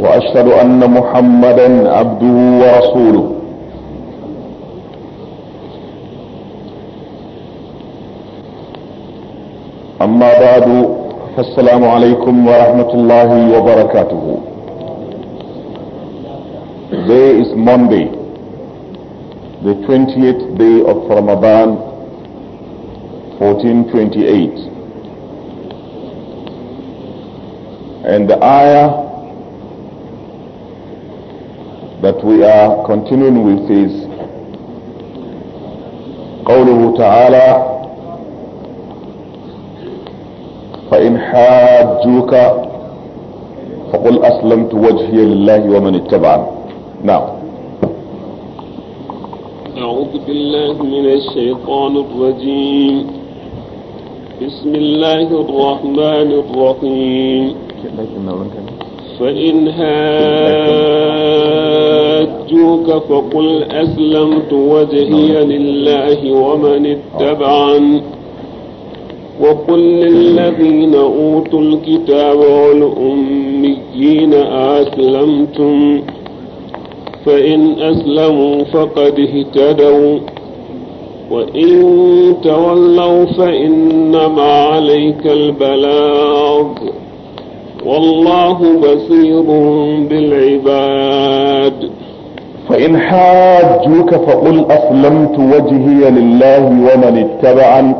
واشهد ان محمدا عبده ورسوله اما بعد فالسلام عليكم ورحمه الله وبركاته today is monday the 20th day of ramadan 1428 and the ayah that we are continuing with is قوله تعالى فإن حاجوك فقل أسلمت وجهي لله ومن اتبعني نعم أعوذ بالله من الشيطان الرجيم بسم الله الرحمن الرحيم فإن حاجوك يرجوك فقل أسلمت وجهي لله ومن اتبعن وقل للذين أوتوا الكتاب والأميين أسلمتم فإن أسلموا فقد اهتدوا وإن تولوا فإنما عليك البلاغ والله بصير بالعباد فإن حاجوك فقل أسلمت وجهي لله ومن اتبعن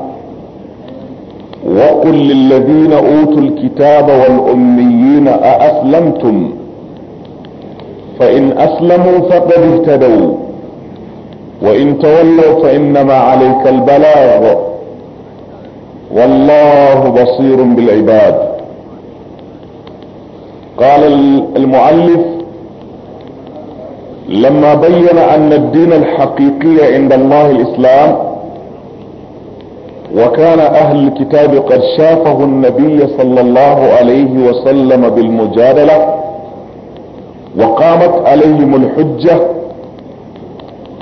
وقل للذين أوتوا الكتاب والأميين أأسلمتم فإن أسلموا فقد اهتدوا وإن تولوا فإنما عليك البلاغ والله بصير بالعباد قال المؤلف لما بين ان الدين الحقيقي عند الله الاسلام وكان اهل الكتاب قد شافه النبي صلى الله عليه وسلم بالمجادله وقامت عليهم الحجه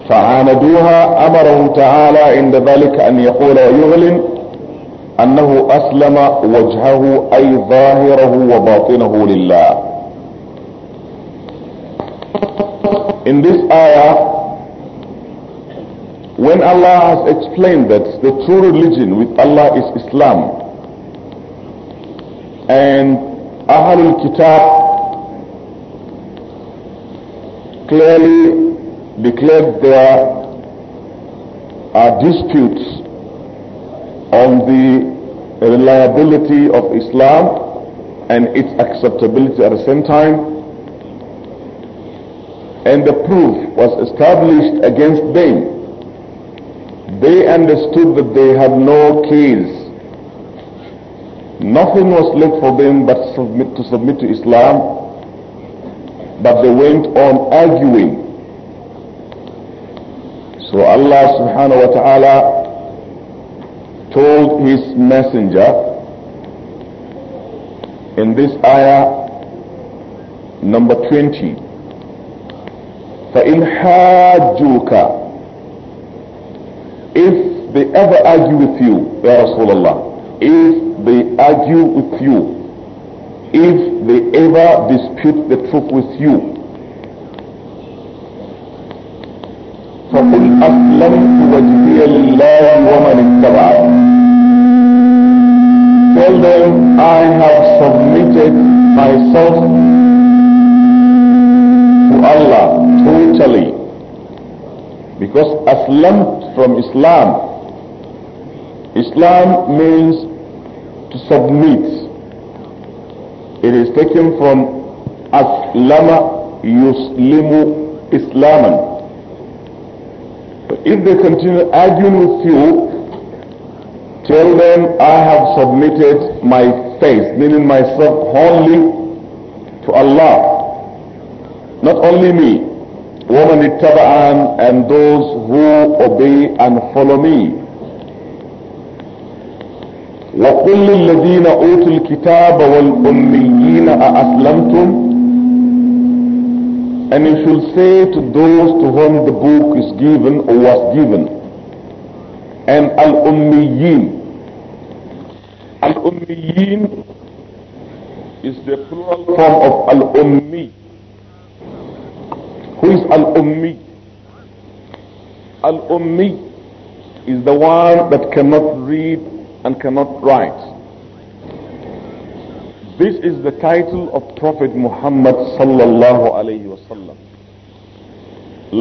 فعاندوها امره تعالى عند ذلك ان يقول ويعلن انه اسلم وجهه اي ظاهره وباطنه لله in this ayah, when Allah has explained that the true religion with Allah is Islam, and Ahlul Kitab clearly declared there are disputes on the reliability of Islam and its acceptability at the same time and the proof was established against them. They understood that they had no case. Nothing was left for them but submit, to submit to Islam, but they went on arguing. So Allah subhanahu wa ta'ala told his messenger in this ayah number 20 فإن حاجوك if they ever argue with you يا رسول الله if they argue with you if they ever dispute the truth with you فقل أسلمت وجهي لله ومن اتبعني Tell them I have submitted myself to Allah brutally because aslam from Islam. Islam means to submit. It is taken from aslama yuslimu islaman. But if they continue arguing with you, tell them I have submitted my faith, meaning myself wholly to Allah. Not only me, and those who obey and follow me وقل للذين أوتوا الكتاب والأميين أأسلمتم And you should say to those to whom the book is given or was given and al ummiyyin al ummiyyin is the plural form of Al-Ummi who is Al-Ummi. Al-Ummi is the one that cannot read and cannot write. This is the title of Prophet Muhammad sallallahu alayhi wasallam.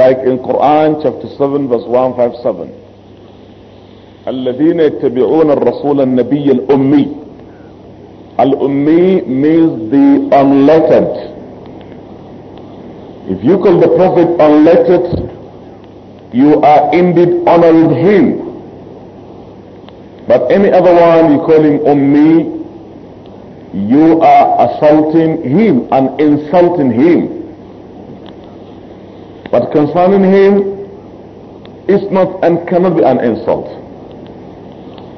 Like in Quran chapter 7 verse 157. الذين يتبعون الرسول النبي الأمي الأمي means the unlettered if you call the Prophet unlettered, you are indeed honoring him. But any other one, you call him Ummi, you are assaulting him and insulting him. But concerning him, it's not and cannot be an insult.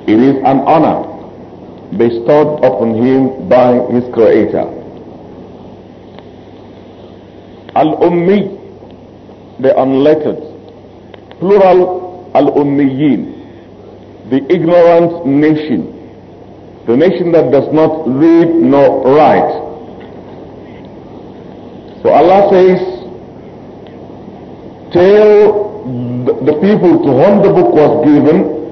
It is an honor bestowed upon him by his creator. Al-Ummi, the unlettered. Plural, Al-Ummiyin, the ignorant nation, the nation that does not read nor write. So Allah says, tell the people to whom the book was given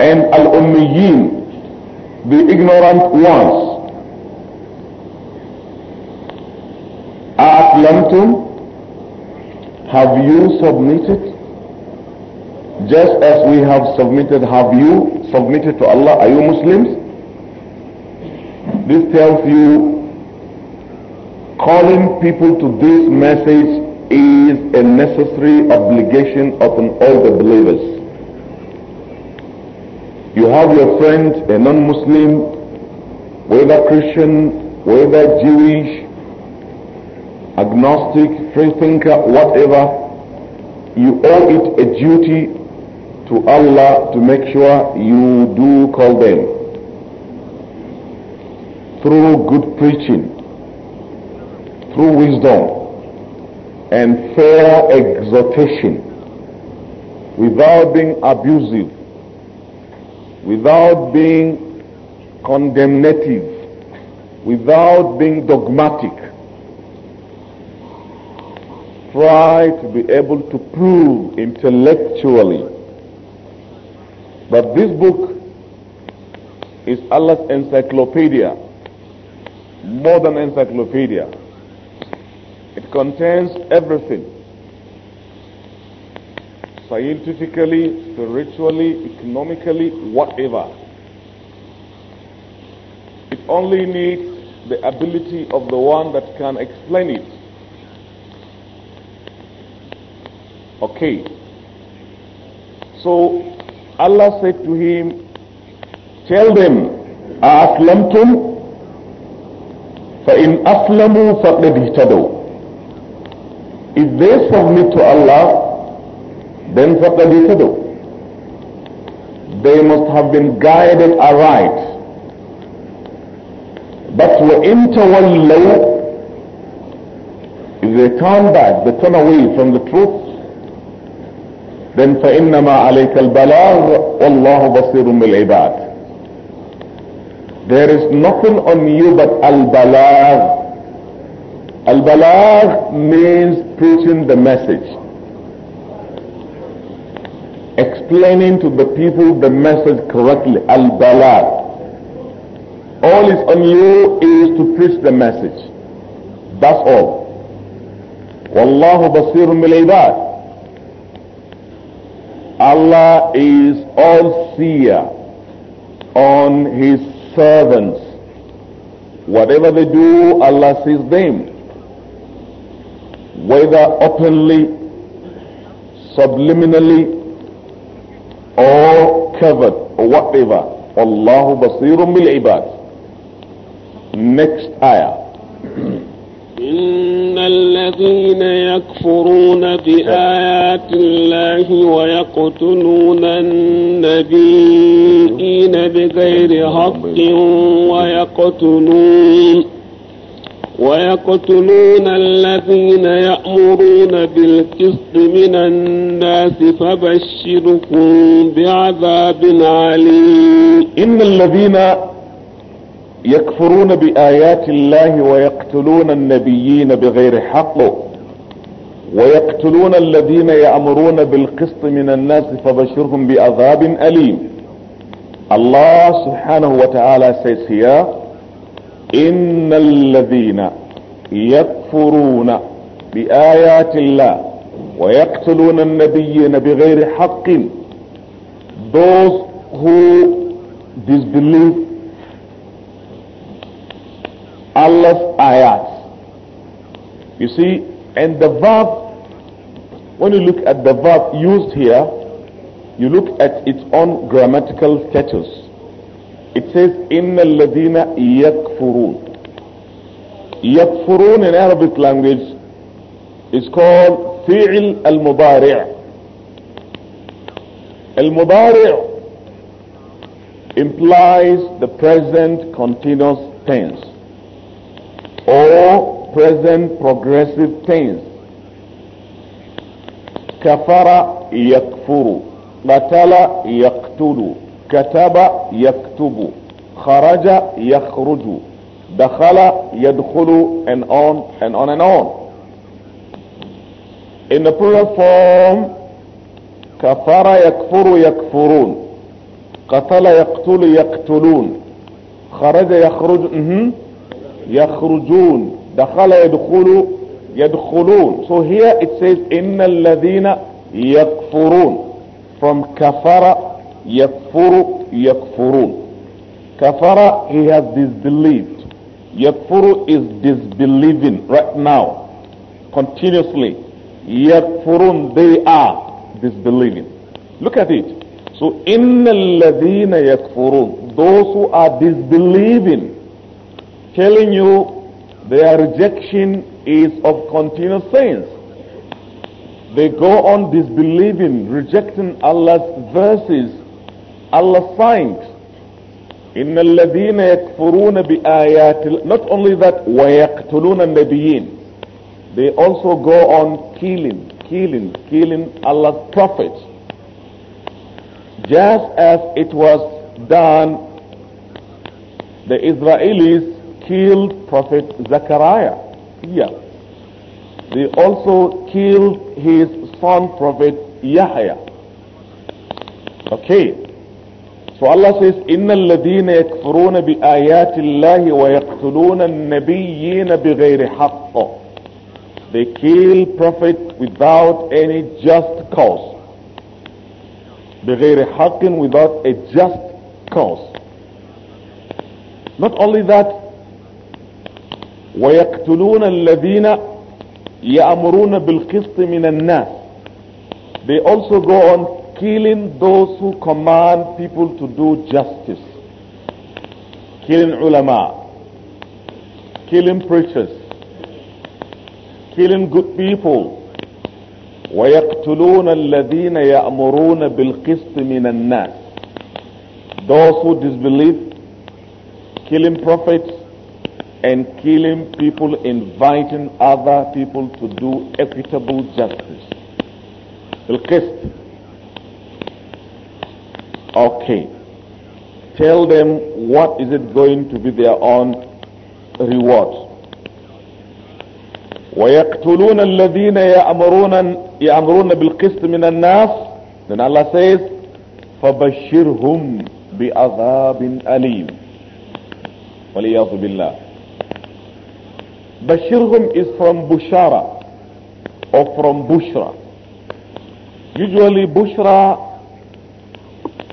and Al-Ummiyin, the ignorant ones. Have you submitted? Just as we have submitted, have you submitted to Allah? Are you Muslims? This tells you calling people to this message is a necessary obligation upon all the believers. You have your friend, a non-Muslim, whether Christian, whether Jewish, agnostic, freethinker, whatever, you owe it a duty to Allah to make sure you do call them through good preaching, through wisdom, and fair exhortation, without being abusive, without being condemnative, without being dogmatic try to be able to prove intellectually that this book is Allah's encyclopedia, more than encyclopedia. It contains everything scientifically, spiritually, economically, whatever. It only needs the ability of the one that can explain it. Okay. So Allah said to him, Tell them, أَأَسْلَمْتُمْ فَإِنْ أَسْلَمُوا فَقْدَ اهْتَدَوْا If they submit to Allah, then فَقْدَ اهْتَدَوْا They must have been guided aright. But وَإِن تَوَلَّوْا If they turn back, they turn away from the truth, then فإنما عليك البلاغ والله بصير بالعباد there is nothing on you but al-balagh al-balagh means preaching the message explaining to the people the message correctly al-balagh all is on you is to preach the message that's all والله بصير بالعباد Allah is all-seer on His servants. Whatever they do, Allah sees them. Whether openly, subliminally, or covered, or whatever. Allahu basirun bil ibad. Next ayah. الذين يكفرون بآيات الله ويقتلون النبيين بغير حق ويقتلون ويقتلون الذين يأمرون بالقسط من الناس فبشركم بعذاب عليم إن الذين يكفرون بآيات الله ويقتلون النبيين بغير حق ويقتلون الذين يأمرون بالقسط من الناس فبشرهم بعذاب أليم الله سبحانه وتعالى says here إن الذين يكفرون بآيات الله ويقتلون النبيين بغير حق those who disbelieve Allah's ayat. You see, and the verb, when you look at the verb used here, you look at its own grammatical status. It says, "Inna ladina yafurun." Yafurun in Arabic language is called al فِعِل al المضارع implies the present continuous tense or present progressive tense. Kafara yakfuru. Qatala yaktulu. Kataba yaktubu. Kharaja yakhruju. Dakhala yadkhulu and on and on and on. In the plural form, kafara كفر يكفر يكفرون قتل يقتل يقتلون خرج يخرج يخرجون دخل يدخل يدخلون so here it says إن الذين يكفرون from كفر يكفر يكفرون كفر he has disbelieved يكفر is disbelieving right now continuously يكفرون they are disbelieving look at it so إن الذين يكفرون those who are disbelieving telling you their rejection is of continuous sins. They go on disbelieving, rejecting Allah's verses, Allah's signs. إن الذين يكفرون بآيات not only that ويقتلون النبيين they also go on killing killing killing Allah's prophets just as it was done the Israelis killed Prophet Zechariah. Yeah. They also killed his son Prophet Yahya. Okay. So Allah says, إن الذين يكفرون بآيات الله ويقتلون النبيين بغير حق. They kill prophet without any just cause. بغير حق without a just cause. Not only that, ويقتلون الذين يأمرون بالقسط من الناس they also go on killing those who command people to do justice killing ulama killing preachers killing good people ويقتلون الذين يأمرون بالقسط من الناس those who disbelieve killing prophets and killing people, inviting other people to do equitable justice. القسط. Okay. Tell them what is it going to be their own reward. ويقتلون الذين يأمرون يأمرون بالقسط من الناس. Then Allah says, فبشرهم بأذاب أليم. والعياذ بالله. بشرهم is from بشارة or from بشرة Usually بشرة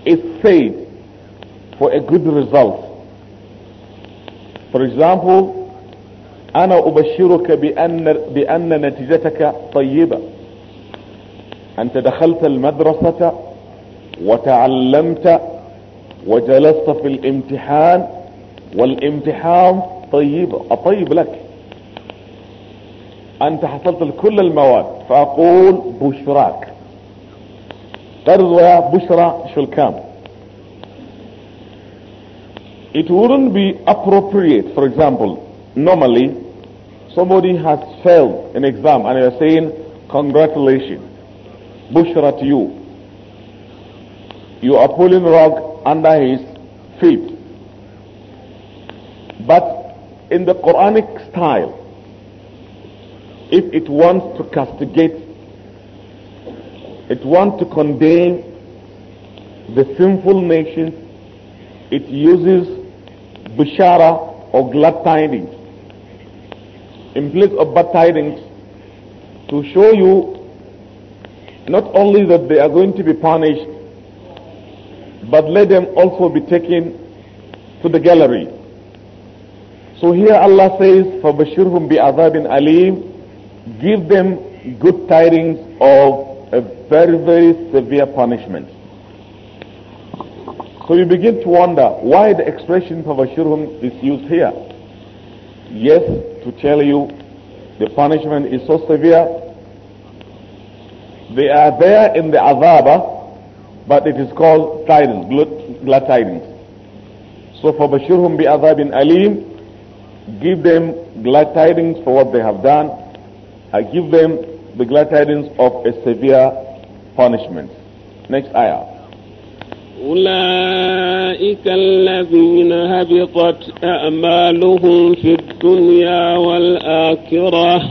is said for a good result. For example, أنا أبشرك بأن, بأن نتيجتك طيبة أنت دخلت المدرسة وتعلمت وجلست في الامتحان والامتحان طيب أطيب لك أنت حصلت كل المواد فأقول بشراك قرض ويا بشرى شلكام It wouldn't be appropriate, for example, normally somebody has failed an exam and you're saying, congratulations, bushra to you. You are pulling rug under his feet. But in the Quranic style, if it wants to castigate, it wants to condemn the sinful nations, it uses bishara or glad tidings in place of bad tidings to show you not only that they are going to be punished, but let them also be taken to the gallery. So here Allah says, فَبَشِّرْهُمْ بِعَذَابٍ أَلِيمٍ give them good tidings of a very, very severe punishment. So you begin to wonder why the expression Pavashurhum is used here. Yes, to tell you the punishment is so severe. They are there in the azaba, but it is called tidings, glad tidings. So Pavashurhum bi azabin alim, give them glad tidings for what they have done I give them the glad tidings of a severe punishment. Next ayah. أولئك الذين هبطت أعمالهم في الدنيا والآخرة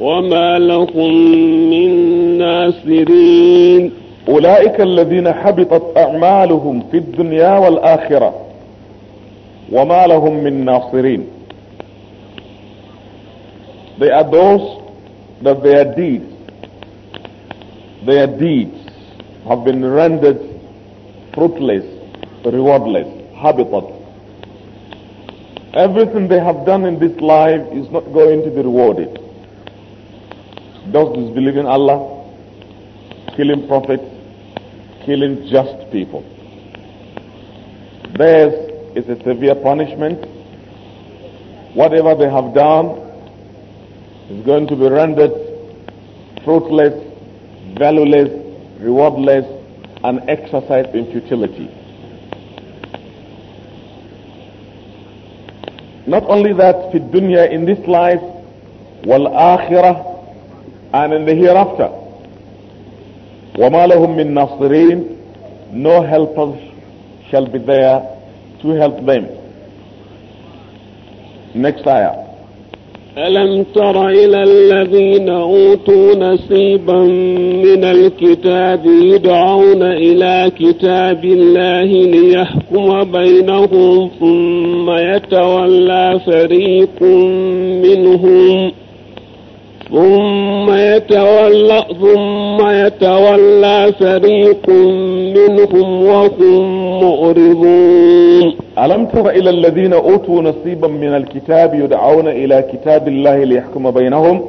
وما لهم من ناصرين أولئك الذين حبطت أعمالهم في الدنيا والآخرة وما لهم من ناصرين They are those that their deeds, their deeds have been rendered fruitless, rewardless, habitat. Everything they have done in this life is not going to be rewarded. Those in Allah, killing prophets, killing just people. Theirs is a severe punishment. Whatever they have done is going to be rendered fruitless, valueless, rewardless, and exercised in futility. Not only that, في dunya in this life, والآخرة and in the hereafter. وما لهم من ناصرين no helpers shall be there to help them. Next ayah. ألم تر إلى الذين أوتوا نصيبا من الكتاب يدعون إلى كتاب الله ليحكم بينهم ثم يتولى فريق منهم ثم يتولى ثم يتولى فريق منهم وهم مؤرضون ألم تر إلى الذين أوتوا نصيبا من الكتاب يدعون إلى كتاب الله ليحكم بينهم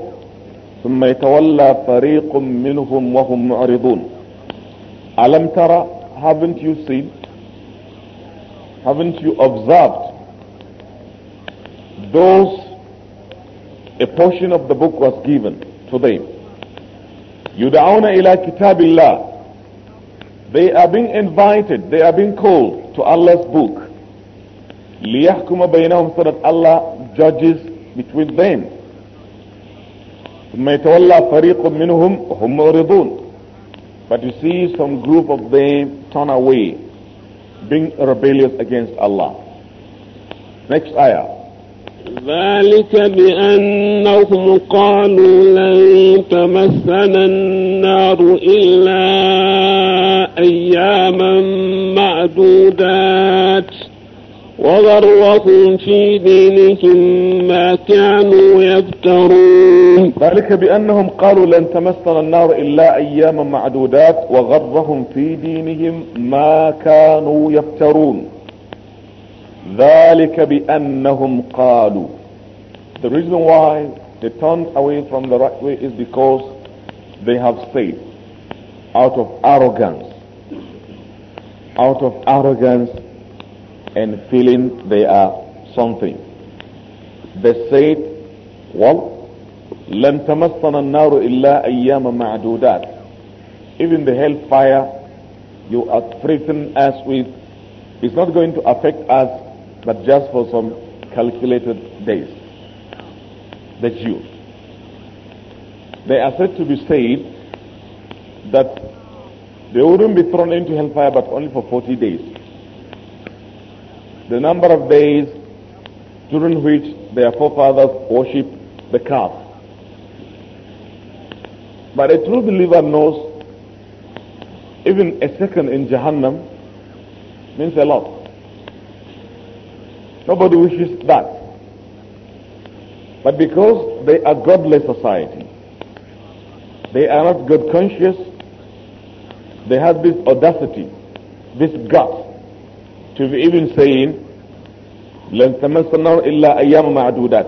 ثم يتولى فريق منهم وهم معرضون ألم ترى haven't you seen haven't you observed those a portion of the book was given to them يدعون إلى كتاب الله they are being invited they are being called to Allah's book ليحكم بينهم صلى الله judges between them ثم يتولى فريق منهم هم معرضون but you see some group of them turn away being rebellious against Allah next ayah ذلك بأنهم قالوا لن تمسنا النار إلا أياما معدودات وغركم في دينهم ما كانوا يفترون ذلك بأنهم قالوا لن تمسنا النار إلا أياما معدودات وغرهم في دينهم ما كانوا يفترون ذلك بأنهم قالوا The reason why they turned away from the right way is because they have said out of arrogance out of arrogance and feeling they are something. They said, well, لن تمسنا النار إلا أيام معدودات. Even the hellfire you are threatening us with is not going to affect us but just for some calculated days. The Jews. They are said to be saying that they wouldn't be thrown into hellfire but only for 40 days the number of days during which their forefathers worshipped the calf. But a true believer knows even a second in Jahannam means a lot. Nobody wishes that. But because they are godless society, they are not God conscious, they have this audacity, this guts شوف ابن سين لن تمس النار إلا أيام معدودات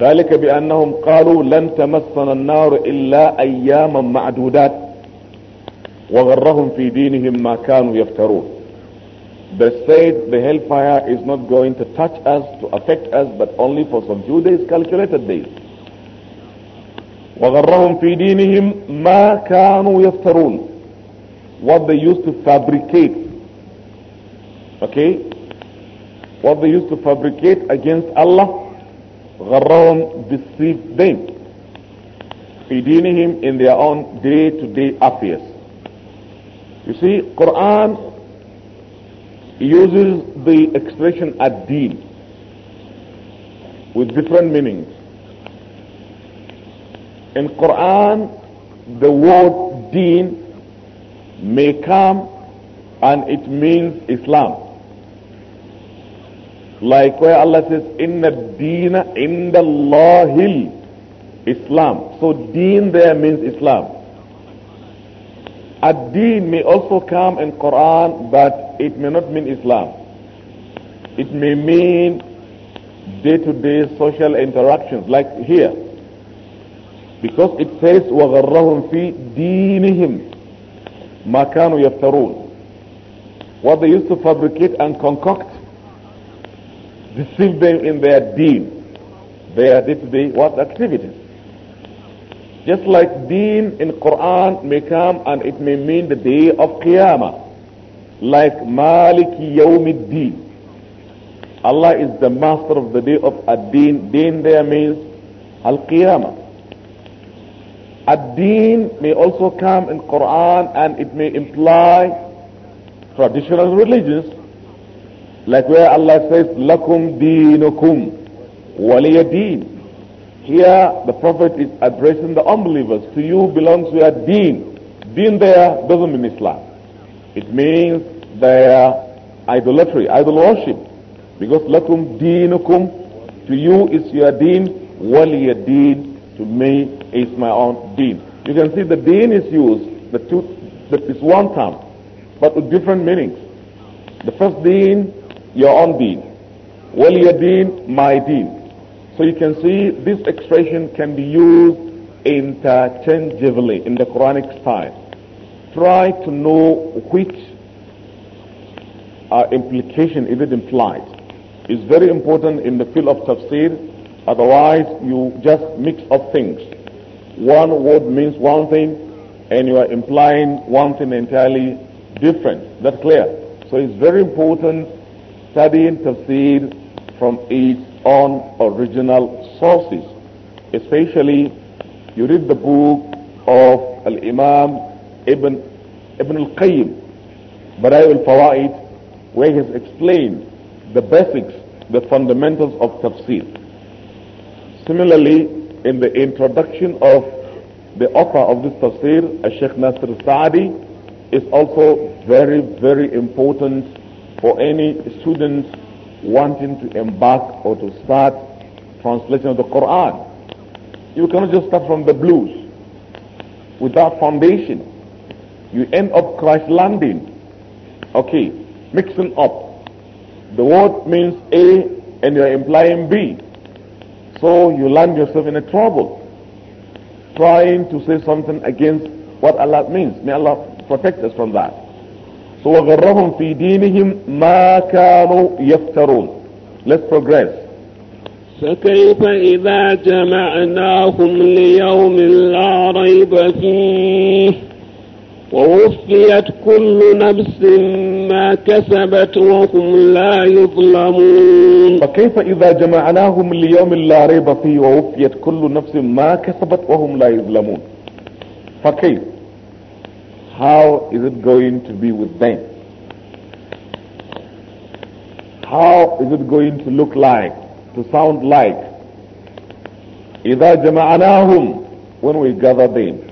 ذلك بأنهم قالوا لن تمسنا النار إلا أياما معدودات وغرهم في دينهم ما كانوا يفترون They said the hellfire is not going to touch us, to affect us, but only for some few days, calculated days. وغرهم في دينهم ما كانوا يفترون What they used to fabricate Okay? What they used to fabricate against Allah, gharam deceived them. Feeding him in their own day-to-day -day affairs. You see, Quran uses the expression ad-deen with different meanings. In Quran, the word deen may come and it means Islam. Like where Allah says, in the the Law, Hill, Islam. So deen there means Islam. A deen may also come in Quran, but it may not mean Islam. It may mean day-to-day -day social interactions, like here. Because it says, وَغَرَّهُمْ فِي دِينِهِمْ مَا كَانُوا يَفْتَرُونَ What they used to fabricate and concoct deceive them in their deen, their day-to-day what activities. Just like deen in Quran may come and it may mean the day of Qiyamah. Like Maliki Yawmiddin. Allah is the master of the day of Ad-Din. Din there means Al-Qiyamah. Ad-Din may also come in Quran and it may imply traditional religions like where Allah says, Lakum dinukum, waliyadin." Here the Prophet is addressing the unbelievers. To you belongs your deen. Deen there doesn't mean Islam. It means their idolatry, idol worship. Because lakum dinukum," to you is your deen, waliyadin. deen, to me is my own deen. You can see the deen is used, the two, that is one term, but with different meanings. The first deen your own deed. Well, your deen, my deen. So you can see this expression can be used interchangeably in the Quranic style. Try to know which uh, implication is it implied. It's very important in the field of tafsir, otherwise you just mix up things. One word means one thing and you are implying one thing entirely different. That's clear. So it's very important studying tafsir from its own original sources. Especially, you read the book of Al-Imam Ibn, Ibn Al-Qayyim, I al-Fawaid, where he has explained the basics, the fundamentals of tafsir. Similarly, in the introduction of the author of this tafsir, Sheikh Nasir Saadi, is also very, very important for any student wanting to embark or to start translation of the Quran. You cannot just start from the blues. Without foundation, you end up crash landing. Okay, mixing up. The word means A and you're implying B. So you land yourself in a trouble. Trying to say something against what Allah means. May Allah protect us from that. وغرهم في دينهم ما كانوا يفترون let's progress فكيف إذا جمعناهم ليوم لا ريب فيه ووفيت كل نفس ما كسبت وهم لا يظلمون فكيف إذا جمعناهم ليوم لا ريب فيه ووفيت كل نفس ما كسبت وهم لا يظلمون فكيف how is it going to be with them? How is it going to look like, to sound like? إِذَا جَمَعَنَاهُمْ When we gather them.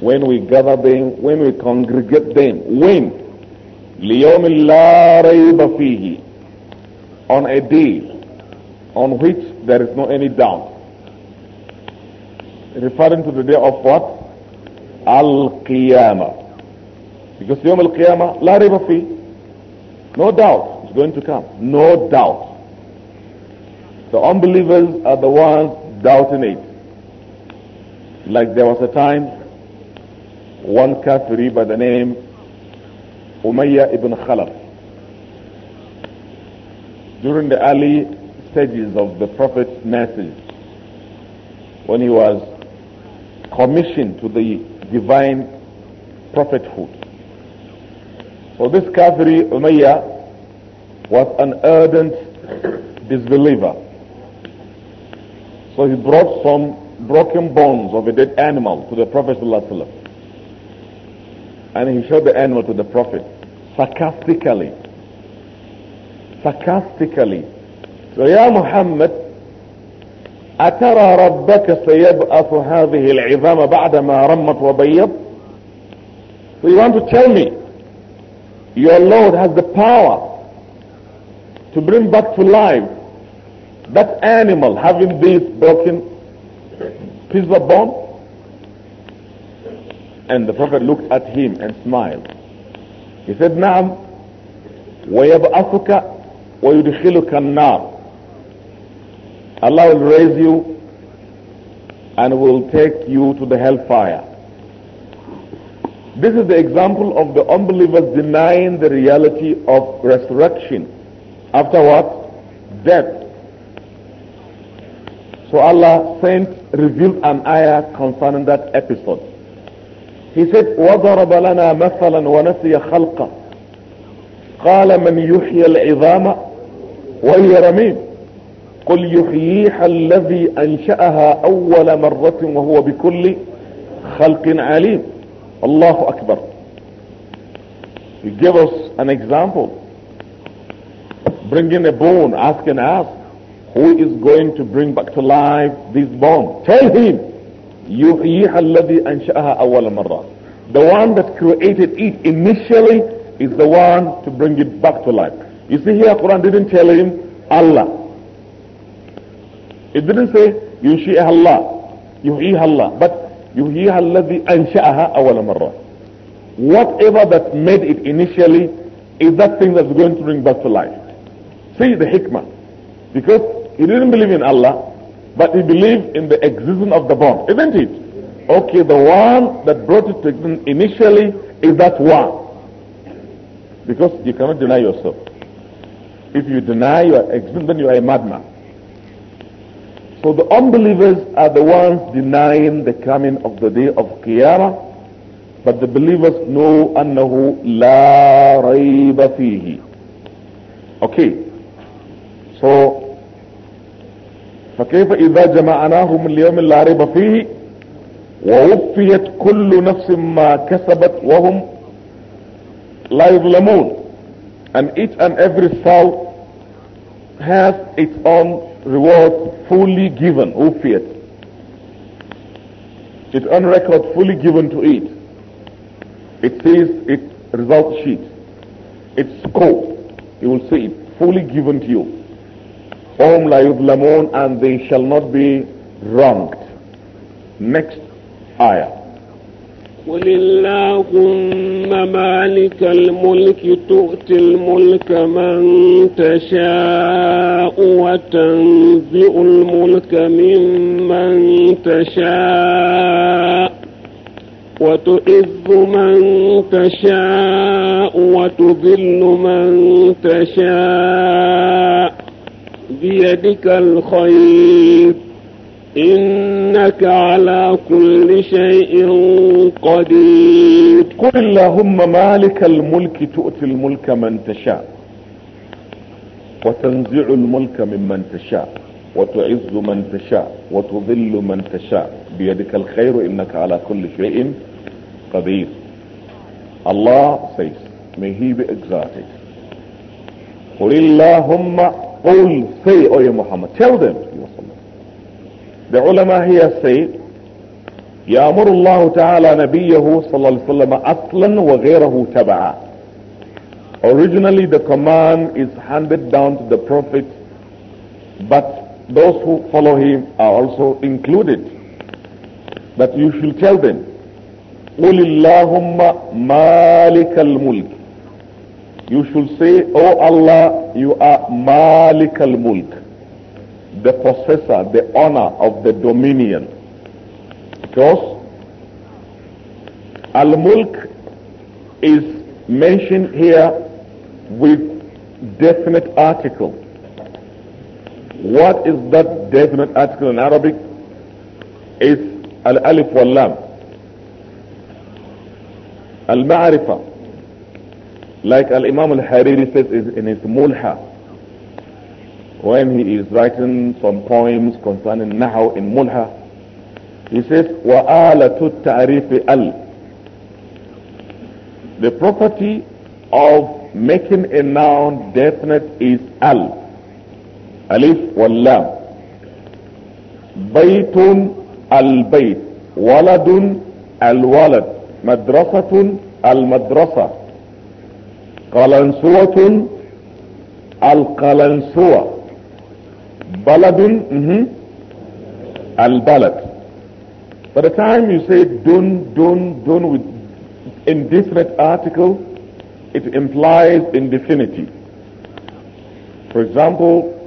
When we gather them, when we congregate them. When? لِيَوْمِ لَا رَيْبَ فِيهِ On a day on which there is no any doubt. Referring to the day of what? القيامة because يوم القيامة لا ريب فيه no doubt it's going to come no doubt the unbelievers are the ones doubting it like there was a time one kafiri by the name Umayyah ibn Khalaf during the early stages of the prophet's message when he was commissioned to the divine prophethood. So this Kafir Umayyah was an ardent disbeliever. So he brought some broken bones of a dead animal to the Prophet ﷺ. and he showed the animal to the Prophet sarcastically. Sarcastically. So, Ya Muhammad, أترى ربك سيبأث هذه العظام بعدما رمت وبيض So you want to tell me your Lord has the power to bring back to life that animal having these broken pieces of bone? And the Prophet looked at him and smiled. He said, نعم ويبعثك ويدخلك النار Allah will raise you and will take you to the hellfire. This is the example of the unbelievers denying the reality of resurrection. After what? Death. So Allah sent, revealed an ayah concerning that episode. He said, وَضَرَبَ لَنَا مَثَلًا وَنَسِيَ خَلْقًا قَالَ مَنْ يُحْيِي الْعِظَامَ وَهِيَ رَمِيمٌ قل يحييها الذي أنشأها أول مرة وهو بكل خلق عليم الله أكبر He give us an example bringing a bone ask and ask who is going to bring back to life this bone tell him يحييها الذي أنشأها أول مرة the one that created it initially is the one to bring it back to life you see here Quran didn't tell him Allah it didn't say ينشئها you يحييها Allah, but يحييها الذي أنشأها أول مرة. Whatever that made it initially is that thing that's going to bring back to life. See the hikmah. Because he didn't believe in Allah, but he believed in the existence of the bond, isn't it? Okay, the one that brought it to existence initially is that one. Because you cannot deny yourself. If you deny your existence, then you are a madman. So the unbelievers are the ones denying the coming of the day of Qiyamah. But the believers know أنه لا ريب فيه. Okay. So فكيف إذا جمعناهم اليوم لا ريب فيه ووفيت كل نفس ما كسبت وهم لا يظلمون and each and every soul has its own reward fully given, who feared. It's on record fully given to it. It says its result sheet, its scope. You will see it fully given to you. Om la yudlamun and they shall not be wronged. Next ayah. قل اللهم مالك الملك تؤتي الملك من تشاء وتنزع الملك ممن تشاء وتعز من تشاء وتذل من تشاء بيدك الخير إنك على كل شيء قدير قل اللهم مالك الملك تؤتي الملك من تشاء وتنزع الملك ممن تشاء وتعز من تشاء وتذل من تشاء بيدك الخير إنك على كل شيء قدير الله سيس may he be exalted. قل اللهم قل say, O Muhammad, tell them لعلماء هي السيد يأمر الله تعالى نبيه صلى الله عليه وسلم أصلا وغيره تبعا Originally the command is handed down to the Prophet but those who follow him are also included but you should tell them قل اللهم مالك الملك you should say oh Allah you are مالك الملك the possessor, the owner of the dominion. Because Al-Mulk is mentioned here with definite article. What is that definite article in Arabic? Is Al-Alif wal-Lam. al marifah Like Al-Imam Al-Hariri says in his Mulha when he is writing some poems concerning Nahaw in Mulha. He says, وَآلَةُ التَّعْرِيفِ al. The property of making a noun definite is ال. ألف wal بيت البيت ولد الولد مدرسة المدرسة قلنسوة القلنسوة Baladun, mm-hmm, al-balad. By the time you say dun, dun, dun with indefinite article, it implies indefinity. For example,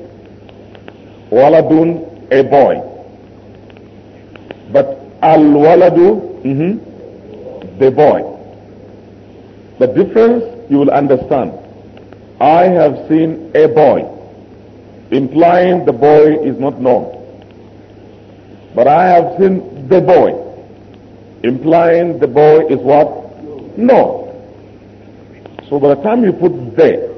waladun, a boy. But al-waladu, mm-hmm, the boy. The difference you will understand. I have seen a boy implying the boy is not known. But I have seen the boy, implying the boy is what? No. So by the time you put there,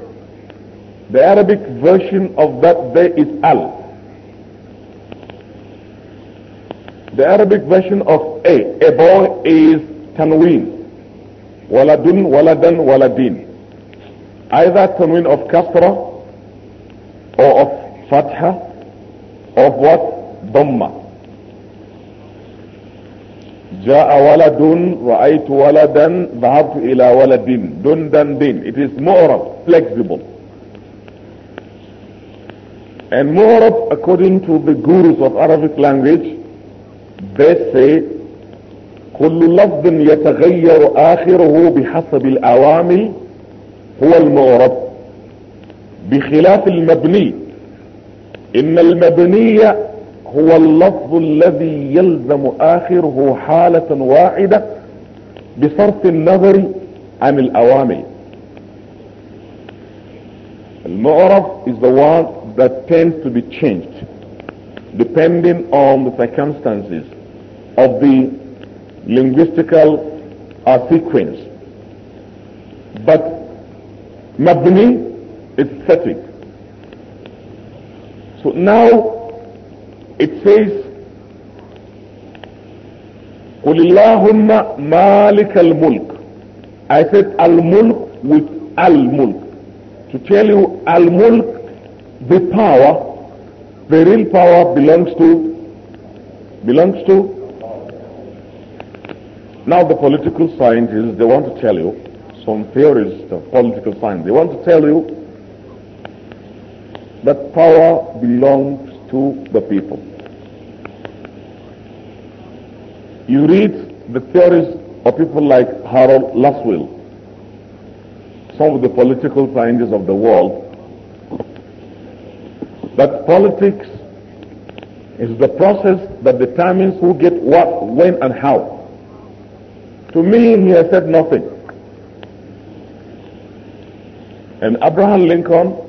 the Arabic version of that day is al. The Arabic version of a, a boy is tanween. Waladun, waladan, waladin. Either tanween of kasra or of فتحة of ضمة جاء ولد رأيت ولدا ذهبت إلى ولد دن دن دن it is معرب flexible and معرب according to the gurus of Arabic language they say كل لفظ يتغير آخره بحسب الأوامل هو المعرب بخلاف المبني ان المبنية هو اللفظ الذي يلزم اخره بصرف النظر عن الاوامر المعرف is the one that tends to be changed depending on the circumstances of the linguistical sequence. But mabni is static. So now it says قل اللهم مالك الملك I said al-mulk with al-mulk to tell you al-mulk the power the real power belongs to belongs to now the political scientists they want to tell you some theories of political science they want to tell you that power belongs to the people. You read the theories of people like Harold Laswell, some of the political scientists of the world, that politics is the process that determines who get what, when, and how. To me, he has said nothing. And Abraham Lincoln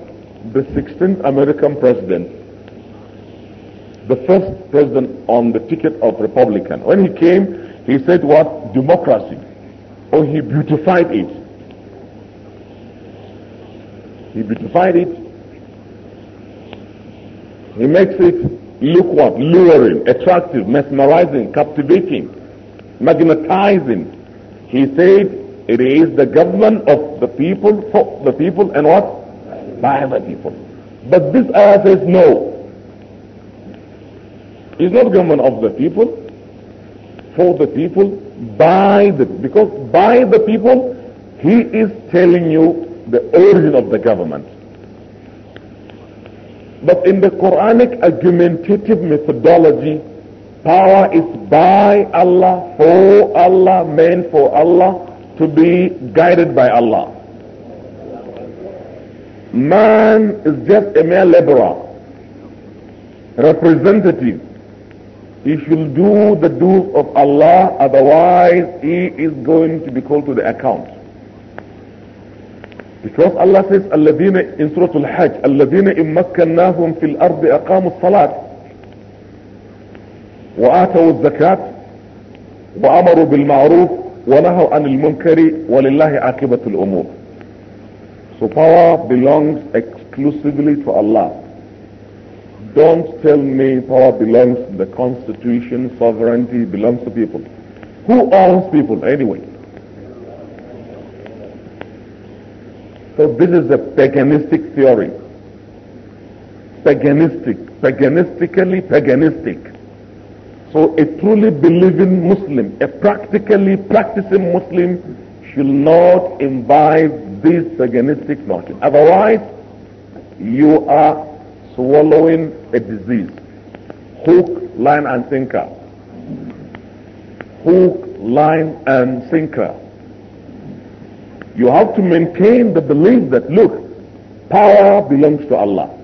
the 16th American president, the first president on the ticket of Republican. When he came, he said what? Democracy. Or oh, he beautified it. He beautified it. He makes it look what? Luring, attractive, mesmerizing, captivating, magnetizing. He said it is the government of the people, for the people, and what? by other people. But this ayah says no. It's not government of the people, for the people, by the because by the people, he is telling you the origin of the government. But in the Quranic argumentative methodology, power is by Allah, for Allah, meant for Allah, to be guided by Allah. Man is just a mere laborer, representative. He should do the dues of Allah, otherwise he is going to be called to the account. Because Allah says, الَّذِينَ in Surah Al-Hajj, الَّذِينَ إِن مَكَّنَّاهُمْ فِي الْأَرْضِ أَقَامُوا الصَّلَاةِ وآتوا الزكاة وأمروا بالمعروف ونهوا عن المنكر ولله عاقبة الأمور so power belongs exclusively to Allah. Don't tell me power belongs to the constitution, sovereignty belongs to people. Who owns people anyway? So this is a paganistic theory. Paganistic, paganistically paganistic. So a truly believing Muslim, a practically practicing Muslim should not imbibe this paganistic notion. Otherwise, you are swallowing a disease. Hook, line, and sinker. Hook, line, and sinker. You have to maintain the belief that, look, power belongs to Allah.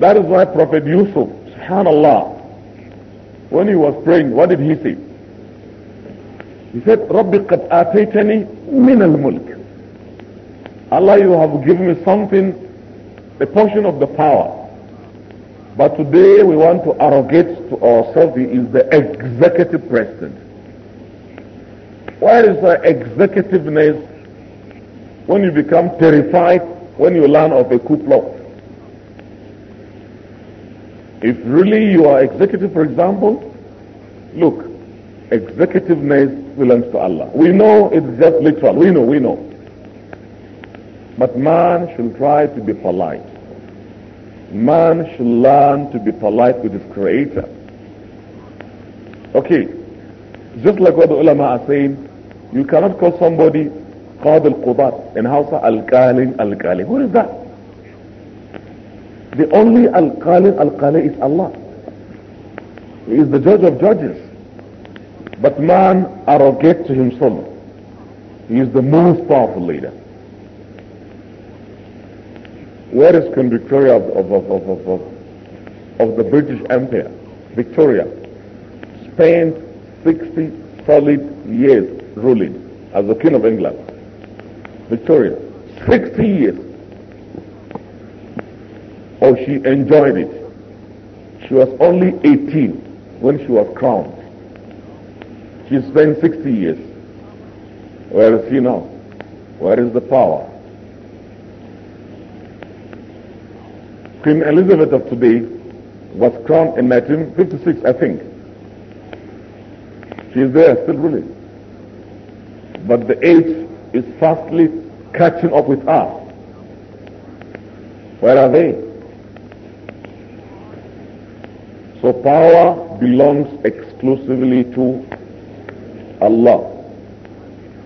That is why Prophet Yusuf, subhanallah, when he was praying, what did he say? He said, رَبِّ قَدْ آتَيْتَنِي مِنَ الْمُلْكِ Allah, you have given me something, a portion of the power. But today we want to arrogate to ourselves he is the executive president. Where is the executiveness when you become terrified when you learn of a coup plot? If really you are executive, for example, look, executiveness belongs to Allah. We know it's just literal. We know, we know. But man shall try to be polite. Man shall learn to be polite with his creator. Okay, just like what the ulama are saying, you cannot call somebody Qad al Qubat in Hausa Al-Qalin Al-Qalin. Who is that? The only Al-Qalin Al-Qalin is Allah. He is the judge of judges. But man arrogates to himself. He is the most powerful leader. Where is Queen Victoria of, of, of, of, of, of the British Empire? Victoria spent 60 solid years ruling as the Queen of England. Victoria, 60 years. Oh, she enjoyed it. She was only 18 when she was crowned. She spent 60 years. Where is she now? Where is the power? Queen Elizabeth of today was crowned in 1956, I think. She is there, still ruling. But the age is fastly catching up with us. Where are they? So power belongs exclusively to Allah.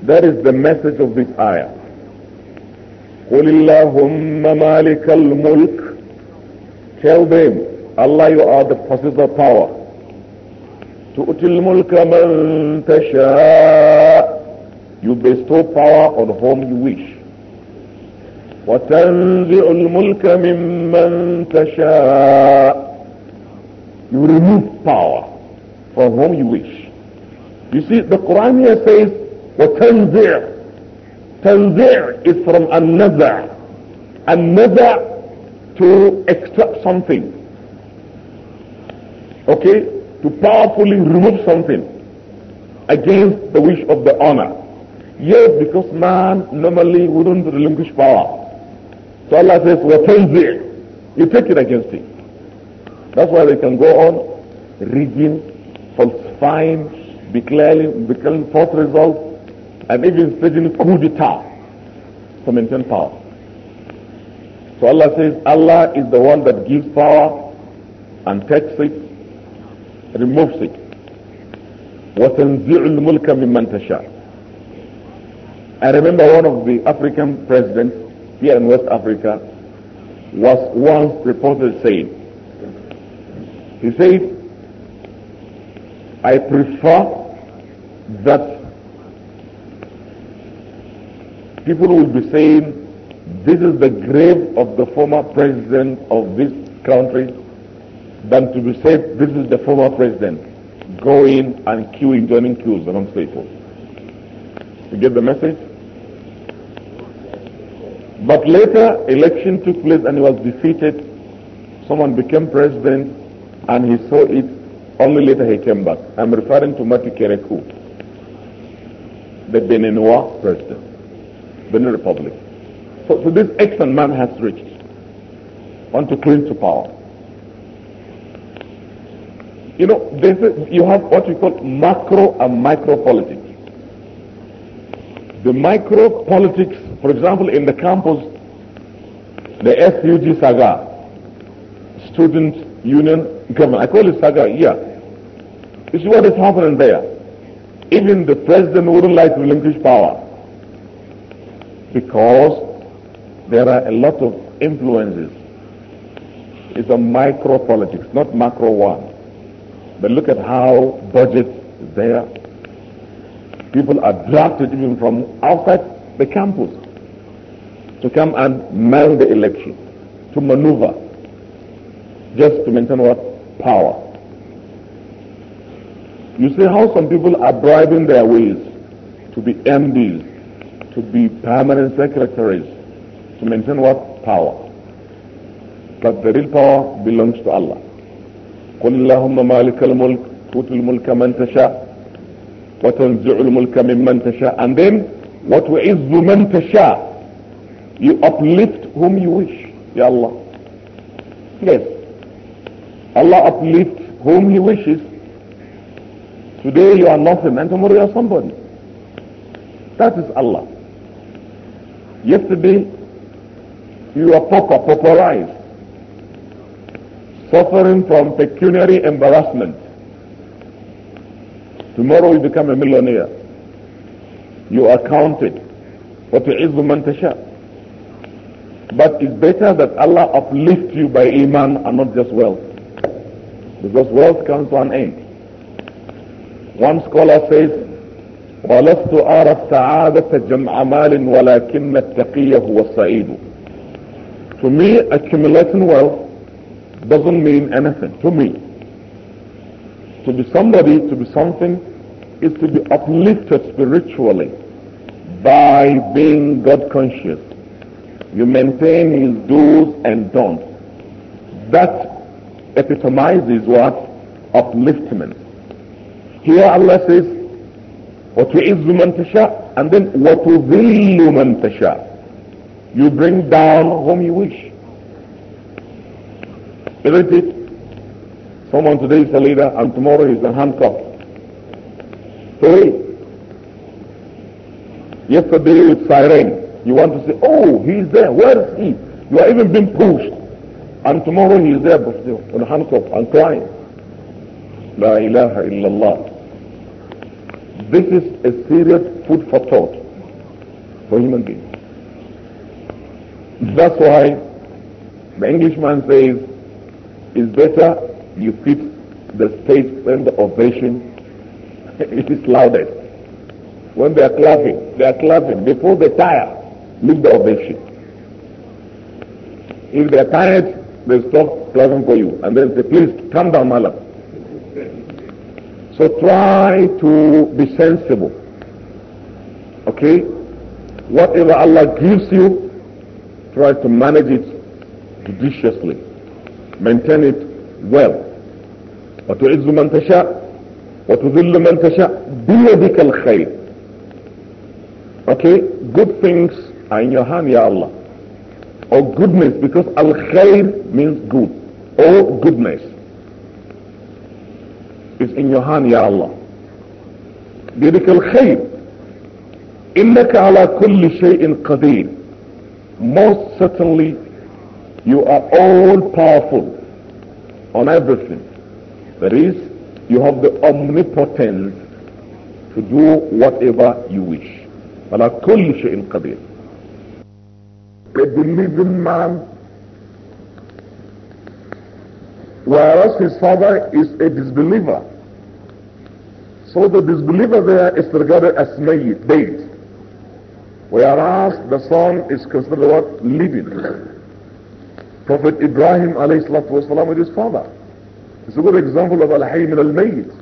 That is the message of this ayah. قل اللهم مالك الملك Tell them, Allah, you are the possessor of power. تؤتي الملك من تشاء You bestow power on whom you wish. وتنزع الملك ممن تشاء You remove power from whom you wish. You see, the Quran here says, وتنزع Tanzir is from another. Another to extract something, okay, to powerfully remove something against the wish of the owner. Yes, because man normally wouldn't relinquish power. So Allah says, it? You take it against him. That's why they can go on rigging, falsifying, declaring, declaring false results, and even staging coup d'etat to maintain power. So Allah says, Allah is the one that gives power and takes it, removes it. وَتَنْزِعُ الْمُلْكَ مِمَّنْ تَشَاءُ I remember one of the African presidents here in West Africa was once reported saying, he said, I prefer that people will be saying this is the grave of the former president of this country than to be said this is the former president going and queuing, joining queues among people. You get the message? But later election took place and he was defeated. Someone became president and he saw it. Only later he came back. I'm referring to Mati Kerekou, the Beninois president, Benin Republic. So this extent man has reached Want to cling to power. You know, this is, you have what we call macro and micro politics. The micro politics, for example, in the campus, the SUG saga, Student Union Government, I call it saga, yeah. This is what is happening there. Even the president wouldn't like to relinquish power because there are a lot of influences. It's a micro politics, not macro one. But look at how budgets there. People are drafted even from outside the campus to come and mail the election, to maneuver, just to maintain what? Power. You see how some people are bribing their ways to be MDs, to be permanent secretaries, to maintain what? Power. But the real power belongs to Allah. قل اللهم مالك الملك تؤتي الملك من تشاء وتنزع الملك ممن تشاء and then what وتعز من تشاء you uplift whom you wish يا الله yes Allah uplifts whom he wishes today you are nothing and tomorrow you are somebody that is Allah yesterday you are pauper, pauperized, suffering from pecuniary embarrassment. Tomorrow you become a millionaire. You are counted. وَتُعِذُّ مَنْ تَشَاءُ But it's better that Allah uplift you by iman and not just wealth. Because wealth comes to an end. One scholar says, وَلَسْتُ أَرَى السَّعَادَةَ جَمْعَ مَالٍ وَلَكِنَّ التَّقِيَ هُوَ السَّعِيدُ to me, accumulating wealth doesn't mean anything. To me, to be somebody, to be something, is to be uplifted spiritually by being God conscious. You maintain his do's and don'ts. That epitomizes what? Upliftment. Here Allah says, وَتُعِزُّ مَنْ تَشَاءُ and then وَتُذِلُّ مَنْ تَشَاءُ you bring down whom you wish. Isn't it? Someone today is a leader and tomorrow is a handcuff. Today. Yesterday with siren. You want to say, oh, he's there. Where is he? You are even being pushed. And tomorrow he is there but still on a handcuff and crying. La ilaha illallah. This is a serious food for thought for human beings. That's why the Englishman says it's better you keep the stage when the ovation it is loudest. When they are clapping, they are clapping. Before they tire, leave the ovation. If they are tired, they stop clapping for you and then say, please calm down, Malam. So try to be sensible. Okay? Whatever Allah gives you, try to manage it judiciously, maintain it well. وتعز من تشاء وتذل من تشاء بيدك الخير. Okay, good things are in your hand, Ya Allah. Or oh, goodness, because al-khair means good. Or oh, goodness is in your hand, Ya Allah. بيدك الخير. إنك على كل شيء قدير. most certainly you are all powerful on everything. That is, you have the omnipotence to do whatever you wish. على كل شيء قدير. A believing man whereas his father is a disbeliever. So the disbeliever there is regarded as made dead. We are asked the son is considered what? Living. Prophet Ibrahim alayhi salatu wa salam with his father. It's a good example of al-hayy min al-mayyit.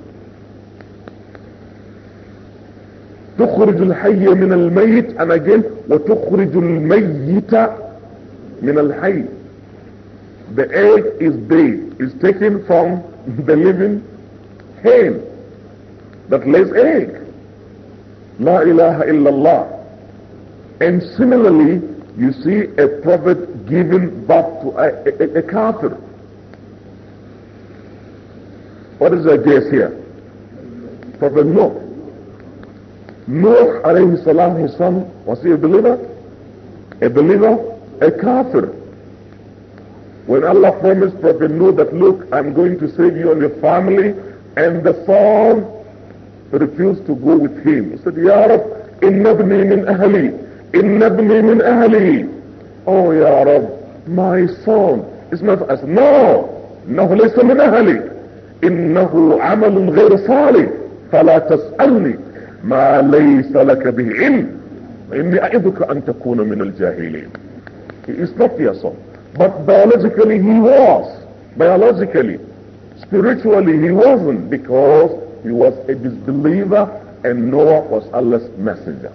تخرج الحي من الميت أنا again وتخرج الميت من الحي the egg is dead is taken from the living hen that lays egg لا اله الا الله And similarly, you see a prophet giving birth to a, a, a kafir. What is the case here? Prophet Noah. Noah alayhi salam, his son, was he a believer? A believer? A kafir. When Allah promised Prophet Noah that, look, I'm going to save you and your family, and the son refused to go with him. He said, Ya Rab, inna min ahli. ان ابني من اهلي او يا رب my son اسمه فأس نو no انه ليس من اهلي انه عمل غير صالح فلا تسألني ما ليس لك به علم اني اعظك ان تكون من الجاهلين he is not your son but biologically he was biologically spiritually he wasn't because he was a disbeliever and Noah was Allah's messenger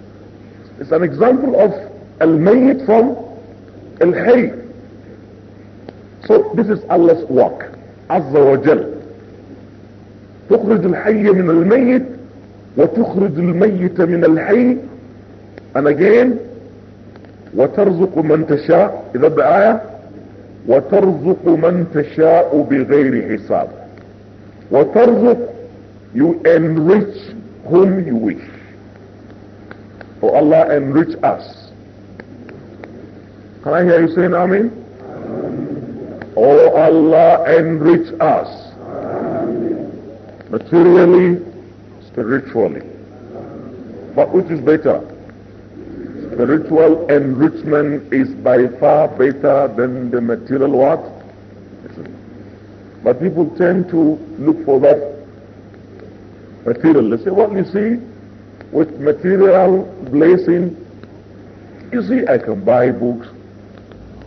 is an example of al-mayyit from al-hayy. So this is Allah's work, عز وجل. تخرج الحي من الميت وتخرج الميت من الحي and again وترزق من تشاء إذا بآية وترزق من تشاء بغير حساب وترزق you enrich whom you wish for Allah, enrich us. Can I hear you saying Amen? Amen. Oh Allah, enrich us. Amen. Materially, spiritually. But which is better? Spiritual enrichment is by far better than the material what? But people tend to look for that material. They say, well, you see, with material blessing. You see, I can buy books.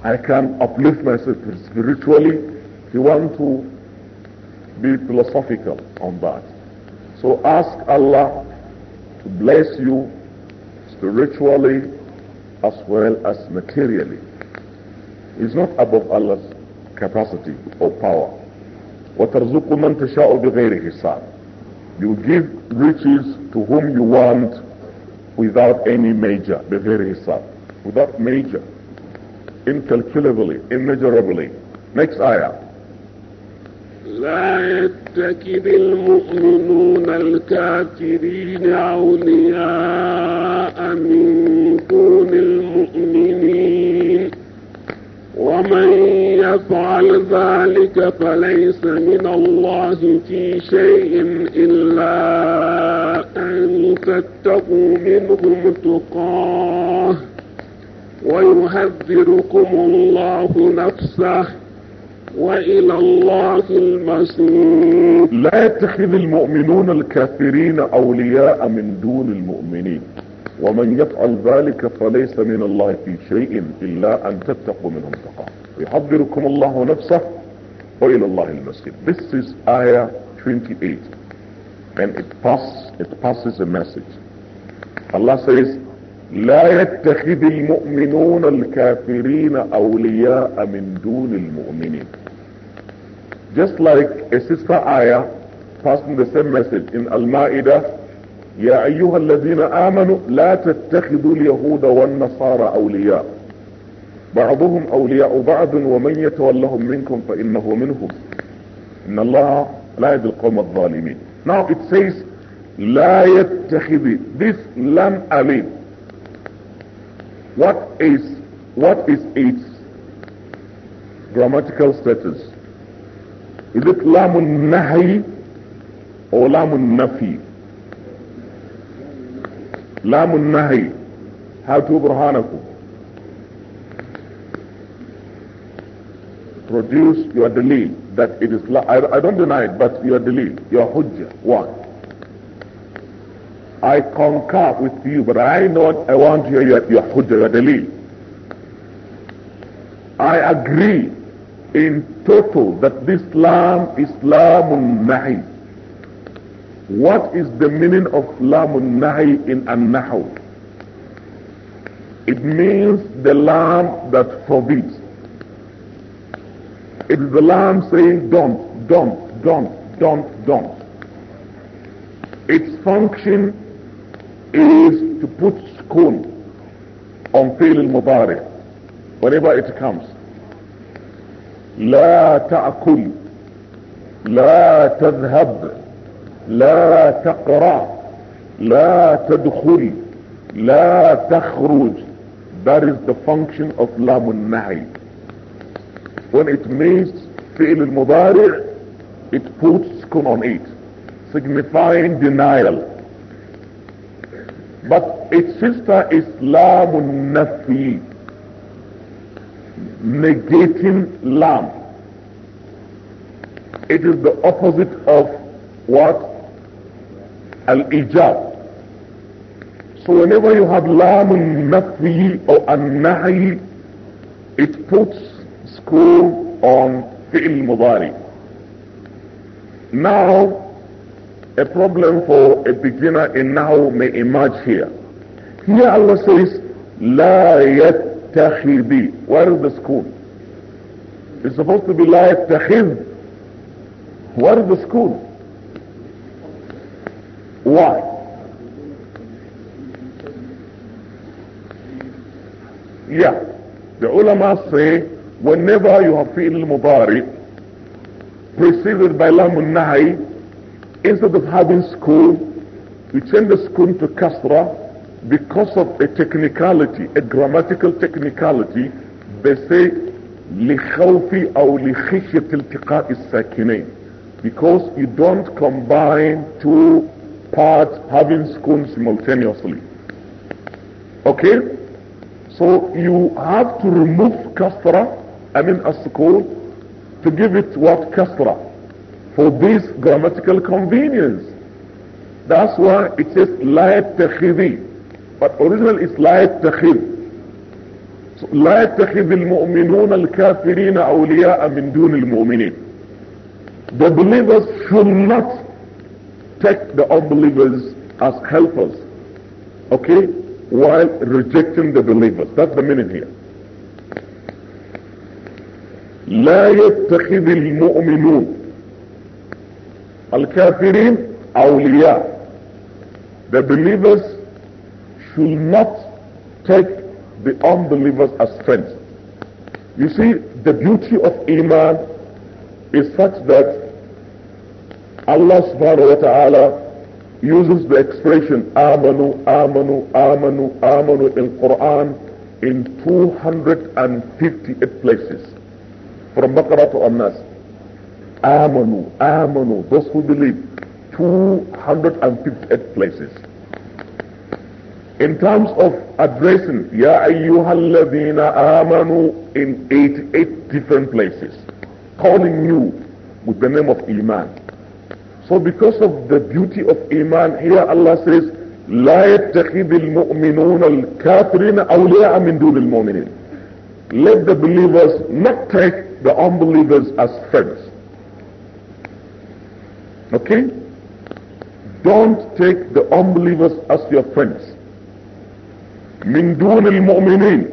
I can uplift myself spiritually. If you want to be philosophical on that. So ask Allah to bless you spiritually as well as materially. It's not above Allah's capacity or power. وترزق من تشاء بغير حساب you give riches to whom you want without any major, the very حساب. Without major. Incalculably, immeasurably. Next ayah. لا يتكد المؤمنون الكافرين أولياء من دون المؤمنين ومن يفعل ذلك فليس من الله في شيء إلا أن تتقوا منهم تقاه ويهذركم الله نفسه وإلى الله المصير لا يتخذ المؤمنون الكافرين أولياء من دون المؤمنين ومن يفعل ذلك فليس من الله في شيء إلا أن تتقوا منهم تقى يحضركم الله نفسه وإلى الله المسجد This is ayah 28 and it, pass, it passes a message Allah says لا يتخذ المؤمنون الكافرين أولياء من دون المؤمنين Just like a sister ayah passing the same message in Al-Ma'idah يا ايها الذين امنوا لا تتخذوا اليهود والنصارى اولياء بعضهم اولياء بعض ومن يتولهم منكم فانه منهم ان الله لا يهدي القوم الظالمين now it says لا يتخذ this لم alim what is what is its grammatical status is it لام النهي or لام النفي لام النهي هاتوا برهانكم produce your deli that it is I, I don't deny it but your deli, your hujjah what I concur with you but I know I want your your, your hujjah your delil I agree in total that this lamb is lamun nahi what is the meaning of lamun nahi in an nahu? It means the lamb that forbids. It is the lamb saying don't, don't, don't, don't, don't. Its function is to put scorn on feeling mubarak whenever it comes. لا تأكل لا تذهب لا تقرع لا تدخل لا تخرج that is the function of لام النعي when it means فعل المضارع it puts skin on it signifying denial but its sister is لام النفي negating لام it is the opposite of what الايجاب So whenever you have lam nafi or an-nahi, it puts school on fi'l mudari. Now, a problem for a beginner in now may emerge here. Here Allah says, لا يتخذ. Where is the school? It's supposed to be لا يتخذ. Where is the school? Why? Yeah. The ulama say whenever you have fi'l al-mubari preceded by lamun nahi instead of having school, you change the school to kasra because of a technicality, a grammatical technicality. They say لخوف أو لخشية التقاء الساكنين because you don't combine two parts having spoon simultaneously. Okay? So you have to remove kasra, I mean as-sukun, to give it what kasra, for this grammatical convenience. That's why it says la yattakhidhi, but original is la yattakhidh. So, لا يتخذ The believers should not take the unbelievers as helpers, okay, while rejecting the believers. That's the meaning here. لا يتخذ المؤمنون الكافرين أولياء The believers should not take the unbelievers as friends. You see, the beauty of Iman is such that Allah subhanahu wa ta'ala uses the expression amanu, amanu, amanu, amanu in Quran in 258 places. From Baqarah to Anas. Amanu, amanu, those who believe. 258 places. In terms of addressing, Ya ayyuhalladhina amanu in 88 different places. Calling you with the name of Iman. So because of the beauty of Iman, here Allah says, لا يتخذ المؤمنون الكافرين أولياء من دون المؤمنين. Let the believers not take the unbelievers as friends. Okay? Don't take the unbelievers as your friends. من دون المؤمنين.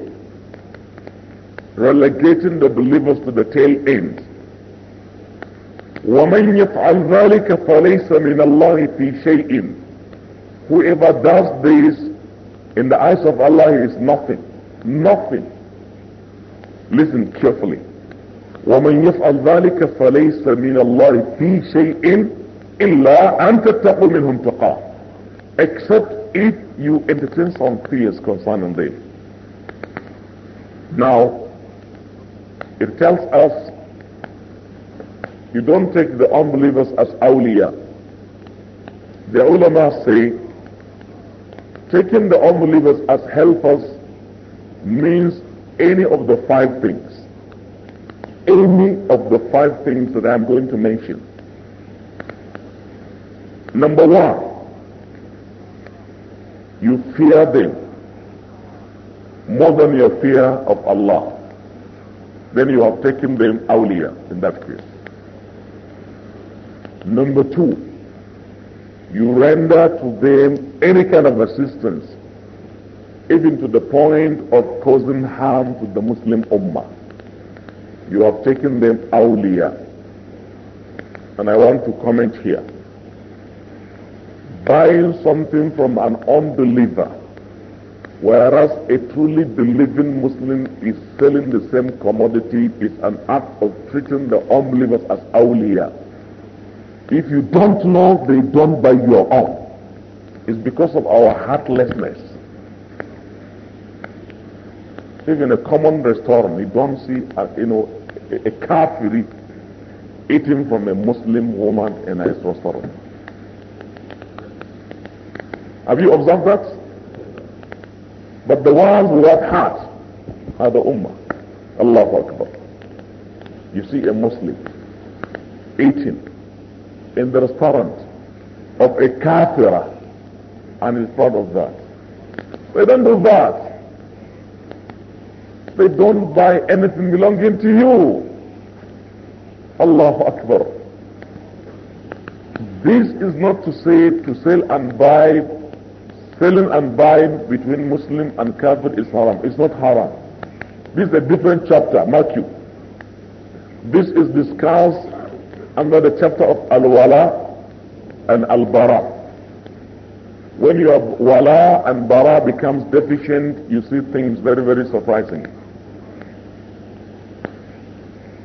Relegating the believers to the tail end. ومن يفعل ذلك فليس من الله في شيء whoever does this in the eyes of Allah is nothing nothing listen carefully ومن يفعل ذلك فليس من الله في شيء إلا أن تتقوا منهم except if you entertain some fears concerning them now it tells us you don't take the unbelievers as awliya. The ulama say, taking the unbelievers as helpers means any of the five things. Any of the five things that I'm going to mention. Number one, you fear them more than your fear of Allah. Then you have taken them awliya in that case. Number two, you render to them any kind of assistance, even to the point of causing harm to the Muslim Ummah. You have taken them awliya. And I want to comment here. Buying something from an unbeliever, whereas a truly believing Muslim is selling the same commodity, is an act of treating the unbelievers as awliya. If you don't know, they don't by your own. It's because of our heartlessness. Even in a common restaurant you don't see a, you know, a, a kafiri eating from a Muslim woman in a restaurant. Have you observed that? But the ones without heart are the Ummah. Allahu Akbar. You see a Muslim eating in the restaurant of a kafira and is proud of that. They don't do that. They don't buy anything belonging to you. Allahu Akbar. This is not to say to sell and buy, selling and buying between Muslim and Kafir is haram. It's not haram. This is a different chapter, Matthew. This is discussed under the chapter of Al-Wala and Al-Bara. When your Wala and Bara becomes deficient, you see things very, very surprising.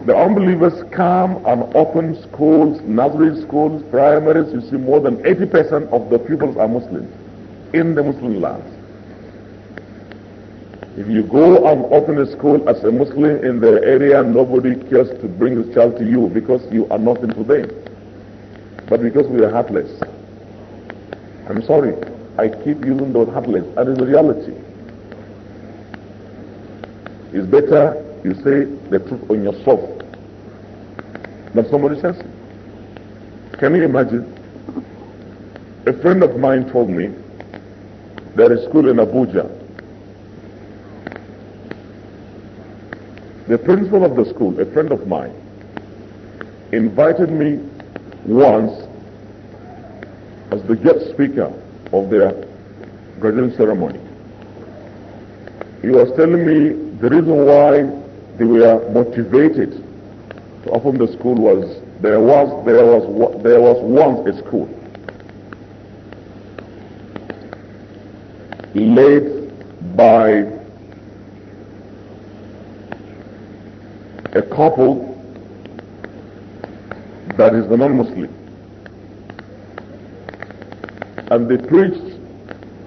The unbelievers come and open schools, nursery schools, primaries. You see more than 80% of the pupils are Muslims in the Muslim lands. If you go and open a school as a Muslim in the area, nobody cares to bring his child to you because you are nothing to them. But because we are heartless. I'm sorry, I keep using the word heartless, and it's a reality. It's better you say the truth on yourself than somebody says it. Can you imagine? A friend of mine told me there is a school in Abuja The principal of the school, a friend of mine, invited me once as the guest speaker of their graduation ceremony. He was telling me the reason why they were motivated to open the school was there was there was there was once a school led by a couple that is non-Muslim. And they preached,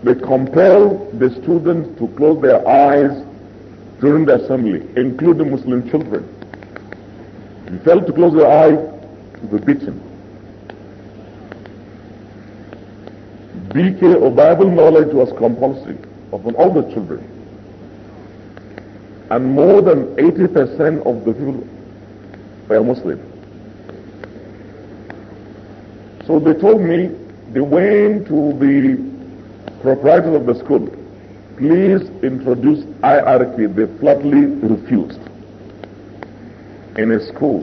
they compel the students to close their eyes during the assembly, including Muslim children. If failed to close their eyes, to be beaten. BK or Bible knowledge was compulsory upon all the children and more than 80% of the people were Muslim. So they told me they went to the proprietor of the school. Please introduce IRQ. They flatly refused. In a school,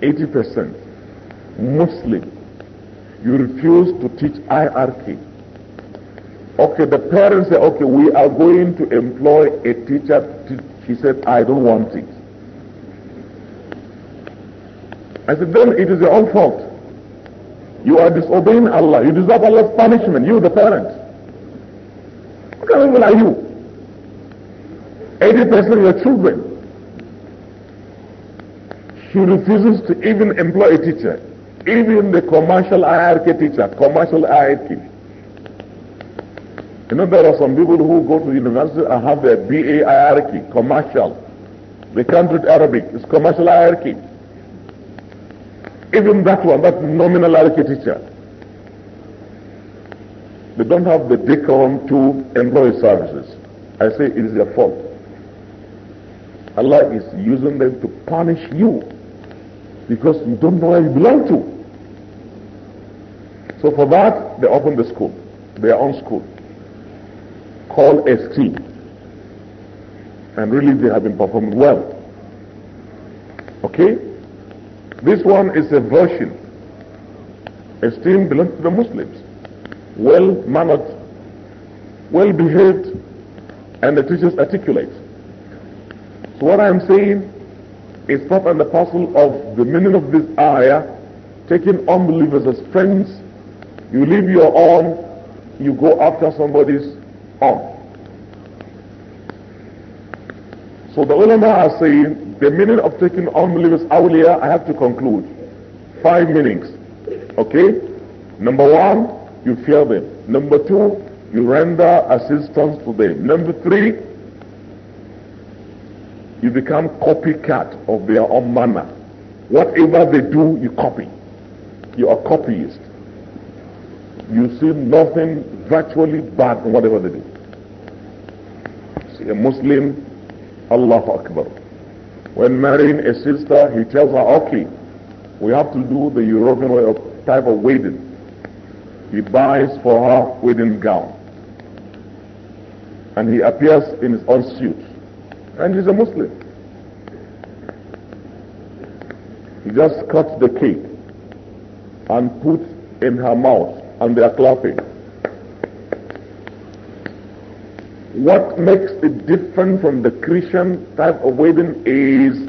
80% Muslim, you refuse to teach IRQ. Okay, the parents say, okay, we are going to employ a teacher. She said, I don't want it. I said, then it is your own fault. You are disobeying Allah. You deserve Allah's punishment. You, the parent. What kind of people are you? 80% of your children. She refuses to even employ a teacher. Even the commercial hierarchy teacher, commercial hierarchy know there are some people who go to university and have their BA hierarchy, commercial. They can't read Arabic. It's commercial hierarchy. Even that one, that nominal hierarchy teacher. They don't have the decorum to employ services. I say it is their fault. Allah is using them to punish you because you don't know where you belong to. So for that, they open the school, their own school. Call ST. And really they have been performing well. Okay? This one is a version. Esteem belongs to the Muslims. Well mannered, well behaved, and the teachers articulate. So what I'm saying is part and the parcel of the meaning of this ayah, taking unbelievers as friends. You leave your own, you go after somebody's, Oh. So the ulama are saying the meaning of taking on believers awliya, I have to conclude. Five meanings. Okay? Number one, you fear them. Number two, you render assistance to them. Number three, you become copycat of their own manner. Whatever they do, you copy. You are copyist. You see nothing virtually bad in whatever they do a Muslim, Allah Akbar. When marrying a sister, he tells her, okay, we have to do the European way of type of wedding. He buys for her wedding gown. And he appears in his own suit. And he's a Muslim. He just cuts the cake and puts in her mouth and they are clapping. What makes it different from the Christian type of wedding is,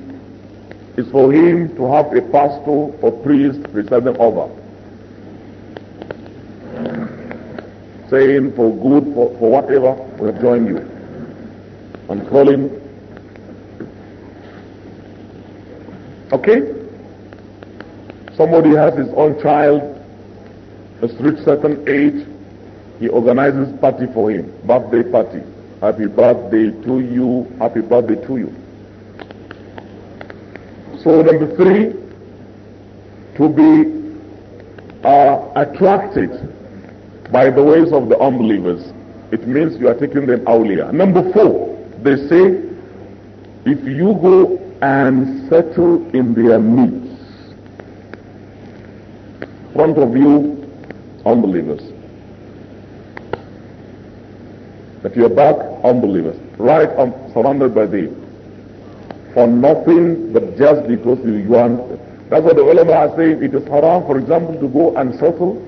is for him to have a pastor or priest presiding over. Saying for good, for, for whatever, we have joined you. And calling. Okay? Somebody has his own child, has reached certain age, he organizes party for him, birthday party. Happy birthday to you. Happy birthday to you. So number three, to be uh, attracted by the ways of the unbelievers. It means you are taking them outlier. Number four, they say, if you go and settle in their midst, front of you, unbelievers. That you are back unbelievers, right on, surrounded by them. For nothing but just because you want. That's what the ulama are saying. It is haram, for example, to go and settle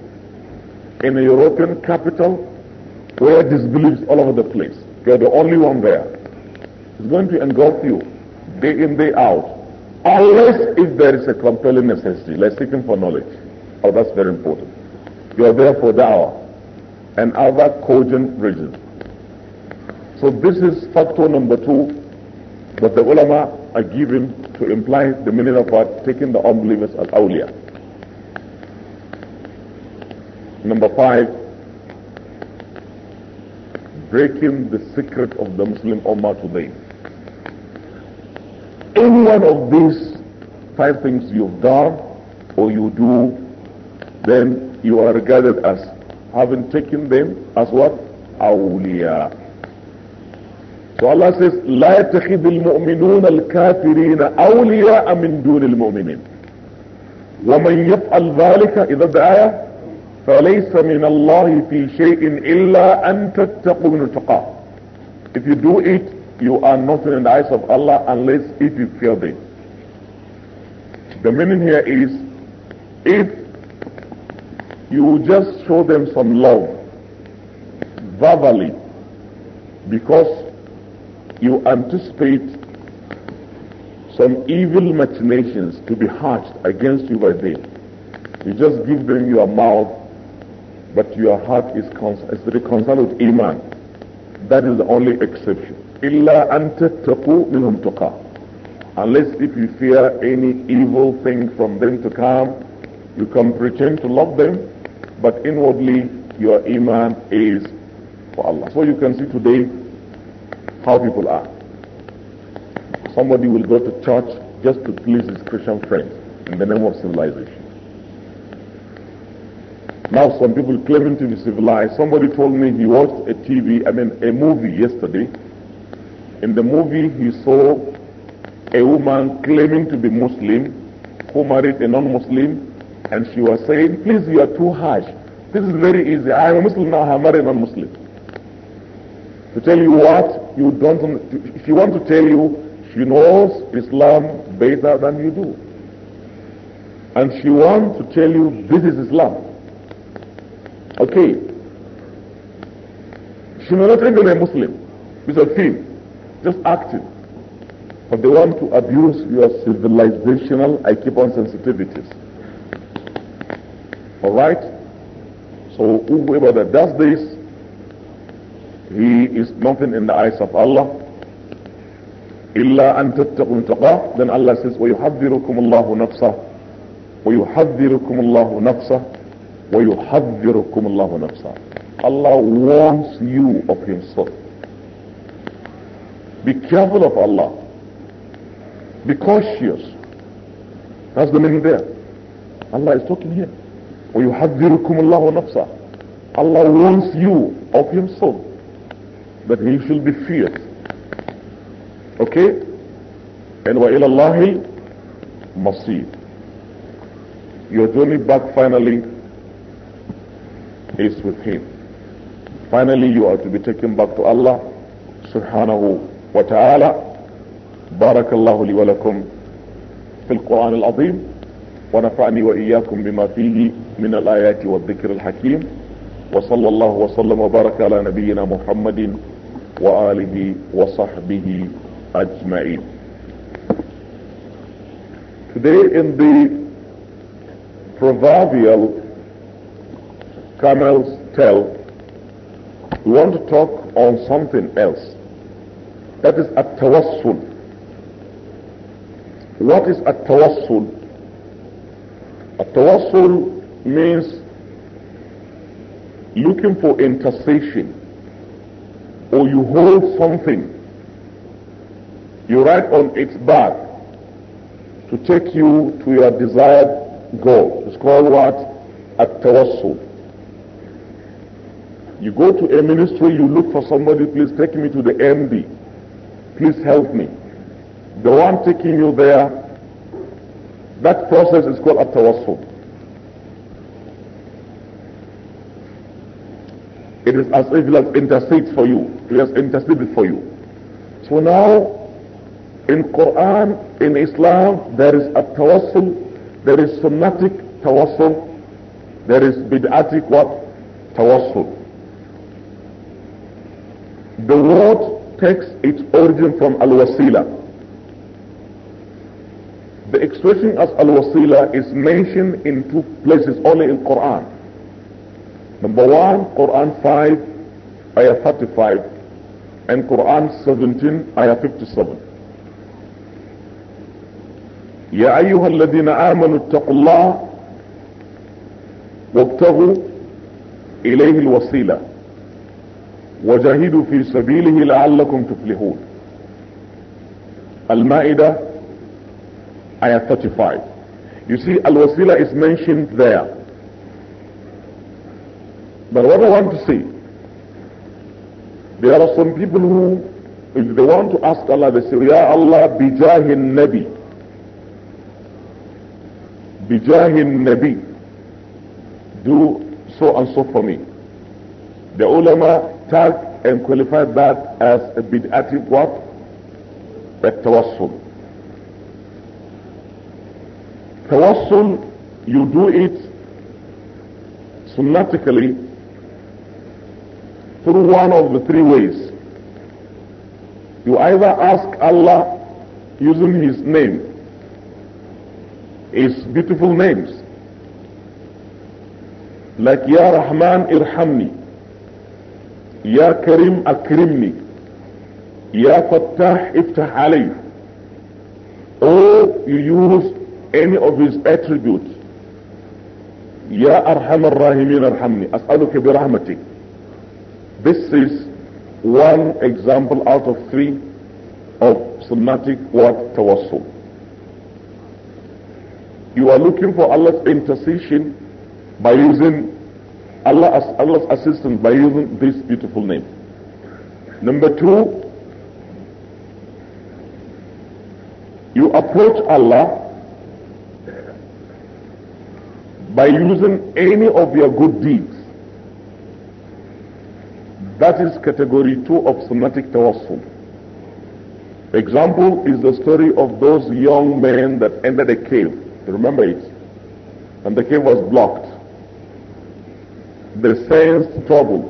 in a European capital where disbeliefs all over the place. You are the only one there. It's going to engulf you day in, day out. Unless if there is a compelling necessity, like seeking for knowledge. Oh, that's very important. You are there for the hour and other cogent reasons. So this is factor number two that the ulama are given to imply the meaning of what? Taking the unbelievers as awliya. Number five, breaking the secret of the Muslim Ummah today. Any one of these five things you've done or you do, then you are regarded as having taken them as what? Awliya. والله says لا يتخذ المؤمنون الكافرين اولياء من دون المؤمنين ومن يفعل ذلك اذا دعايا فليس من الله في شيء الا ان تتقوا من التقاء if you do it you are nothing in the eyes of Allah unless if you fear them the meaning here is if you just show them some love verbally because you anticipate some evil machinations to be hatched against you by them. You just give them your mouth, but your heart is, is reconciled with Iman. That is the only exception. Unless if you fear any evil thing from them to come, you can pretend to love them, but inwardly your Iman is for Allah. So you can see today how people are. Somebody will go to church just to please his Christian friends in the name of civilization. Now some people claiming to be civilized. Somebody told me he watched a TV, I mean a movie yesterday. In the movie he saw a woman claiming to be Muslim who married a non-Muslim and she was saying, please you are too harsh. This is very easy. I am a Muslim now, I married a non-Muslim. To tell you what, you don't, she want to tell you she knows Islam better than you do. And she wants to tell you this is Islam. Okay. She may not even be a Muslim. It's a thing. Just acting. But they want to abuse your civilizational, I keep on sensitivities. Alright? So whoever that does this, he is nothing in the eyes of Allah. إلا أن تتقوا تقاه then Allah says ويحذركم الله نفسه ويحذركم الله نفسه ويحذركم الله نفسه Allah warns you of himself be careful of Allah be cautious that's the meaning there Allah is talking here ويحذركم الله نفسه Allah warns you of himself but he should be fierce. Okay? And wa ilallahi masir. Your journey back finally is with him. Finally you are to be taken back to Allah subhanahu wa ta'ala. Barakallahu al Qur'an بارك الله لي ولكم في القرآن العظيم ونفعني وإياكم بما wa من الآيات والذكر الحكيم وصلى الله وسلم وبارك على نبينا محمد وآله وصحبه أجمعين Today in the proverbial camel's tail, we want to talk on something else. That is at tawassul. What is at tawassul? At tawassul means looking for intercession or you hold something, you ride on its back to take you to your desired goal. It's called what? At-tawassul. You go to a ministry, you look for somebody, please take me to the MD. Please help me. The one taking you there, that process is called at-tawassul. It is as if has intercedes for you. He has interceded for you. So now, in Quran, in Islam, there is a tawassul, there is sunnatic tawassul, there is bid'atic what? Tawassul. The word takes its origin from al-wasila. The expression as al-wasila is mentioned in two places only in Quran. Number one, Quran 5, Ayah 35, and Quran 17, Ayah 57. يا أيها الذين آمنوا اتقوا الله وابتغوا إليه الوسيلة وجاهدوا في سبيله لعلكم تفلحون المائدة آية 35 You see, al-wasila is mentioned there. But what I want to say, there are some people who, if they want to ask Allah, they say, Ya Allah, bijahin nabi. Bijahin nabi. Do so and so for me. The ulama tag and qualify that as a bid'atic what? A tawassul. Tawassul, you do it sunnatically through one of the three ways. You either ask Allah using His name, His beautiful names, like Ya Rahman Irhamni, Ya Karim Akrimni, Ya Fattah Iftah Ali, or you use any of His attributes. Ya Arhamar Rahimin Arhamni, أسألك bi This is one example out of three of somatic what tawassul. You are looking for Allah's intercession by using Allah as Allah's assistance by using this beautiful name. Number two, you approach Allah by using any of your good deeds that is category two of somatic tawassul. Example is the story of those young men that entered a cave. remember it? And the cave was blocked. They sensed trouble.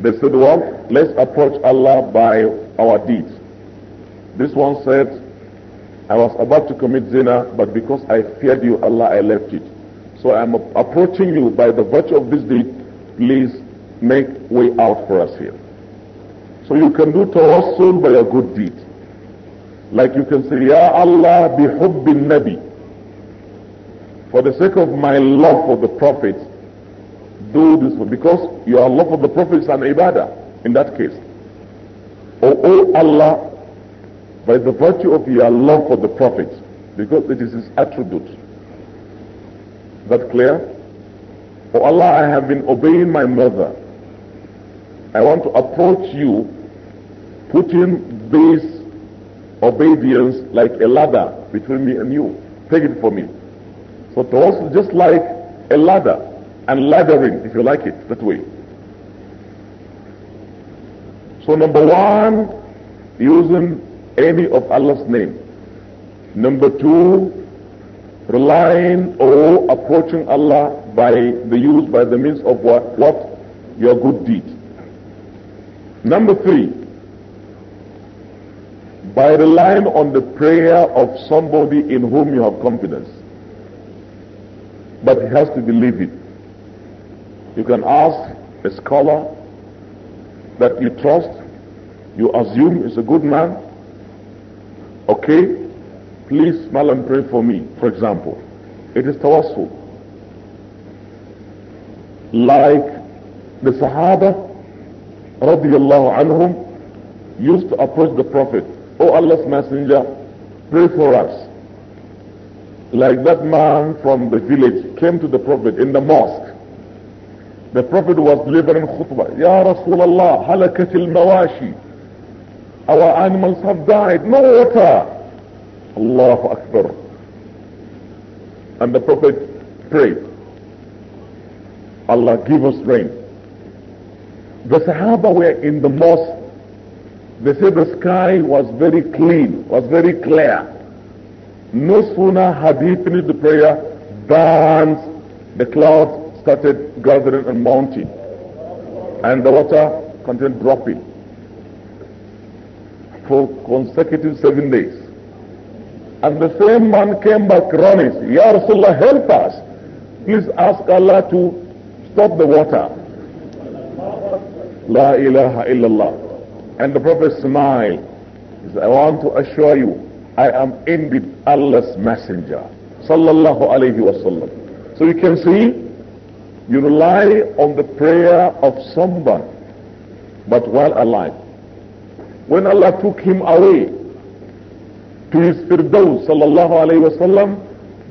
They said, well, let's approach Allah by our deeds. This one said, I was about to commit zina, but because I feared you, Allah, I left it. So I'm approaching you by the virtue of this deed. Please make way out for us here. So you can do tawassul by a good deed. Like you can say, Ya Allah bihubbin nabi. For the sake of my love for the prophets, do this for, because your love for the prophets and ibadah in that case. Or, oh, oh Allah, by the virtue of your love for the prophets, because it is his attribute. Is that clear? Oh Allah, I have been obeying my mother I want to approach you putting this obedience like a ladder between me and you. Take it for me. So to just like a ladder and laddering, if you like it, that way. So number one, using any of Allah's name. Number two, relying or approaching Allah by the use, by the means of what? what? Your good deed. Number three, by relying on the prayer of somebody in whom you have confidence, but he has to believe it. You can ask a scholar that you trust, you assume is a good man. Okay, please smile and pray for me, for example. It is tawassul. Like the Sahaba radiallahu anhum used to approach the Prophet, O oh Allah's Messenger, pray for us. Like that man from the village came to the Prophet in the mosque. The Prophet was delivering khutbah. Ya Rasulallah, halakatil mawashi. Our animals have died. No water. Allahu Akbar. And the Prophet prayed. Allah give us rain. The Sahaba were in the mosque. They said the sky was very clean, was very clear. No sooner had he finished the prayer than the clouds started gathering and mounting, and the water continued dropping for consecutive seven days. And the same man came back running, Ya Rasulullah, help us. Please ask Allah to stop the water. إله إلا الله. And the Prophet smiled. He said, I want to assure you, I am indeed Allah's messenger. Sallallahu alayhi wasallam. So you can see, you rely on the prayer of someone, but while alive. When Allah took him away to his Firdaus, sallallahu alayhi wasallam,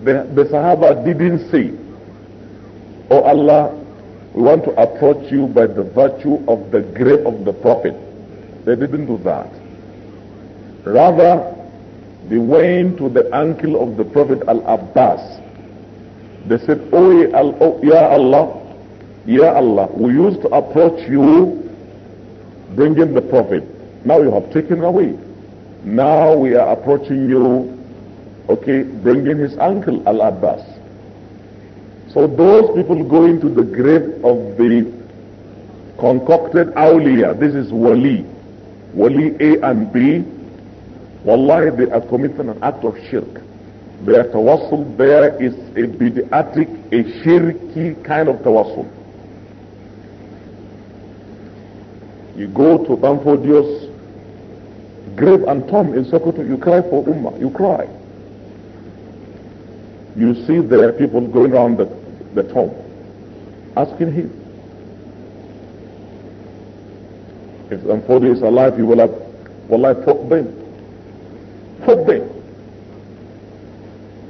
the, the Sahaba didn't say, Oh Allah, we want to approach you by the virtue of the grave of the prophet. They didn't do that. Rather, they went to the uncle of the prophet Al-Abbas. They said, oh, Ya Allah, Ya Allah, we used to approach you bringing the prophet. Now you have taken away. Now we are approaching you, okay, bringing his uncle Al-Abbas. So those people go into the grave of the concocted awliya. This is wali. Wali A and B. Wallahi, they are committing an act of shirk. Their tawassul there is a bid'atic, a shirky kind of tawassul. You go to Bamfordio's grave and tomb in Sokoto, you cry for Ummah, you cry. You see there are people going around the the tomb, asking him. If Amphodi is alive, he will have, will I fought them. Fought them.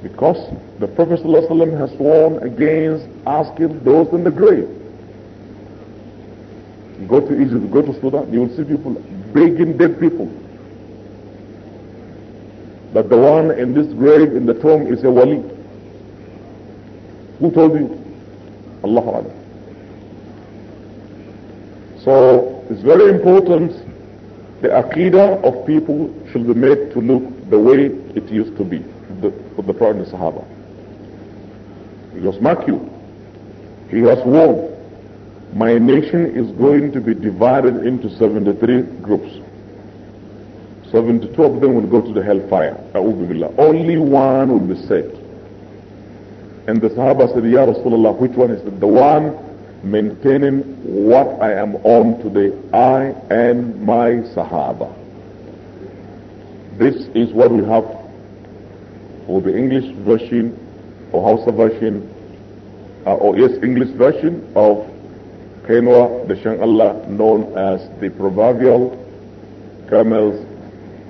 Because the Prophet ﷺ has sworn against asking those in the grave. Go to Egypt, go to Sudan, you will see people begging dead people. But the one in this grave, in the tomb, is a wali. Who told you? Allah So it's very important the aqidah of people should be made to look the way it used to be the, with the Prophet Sahaba. Because mark you, he has warned, my nation is going to be divided into 73 groups. 72 of them will go to the hellfire. Only one will be saved. And the Sahaba said, Ya Rasulullah, which one is it? The one maintaining what I am on today, I and my Sahaba. This is what we have for the English version or Hausa version, uh, or yes, English version of Kenwa, the Shang'Allah, known as the proverbial camel's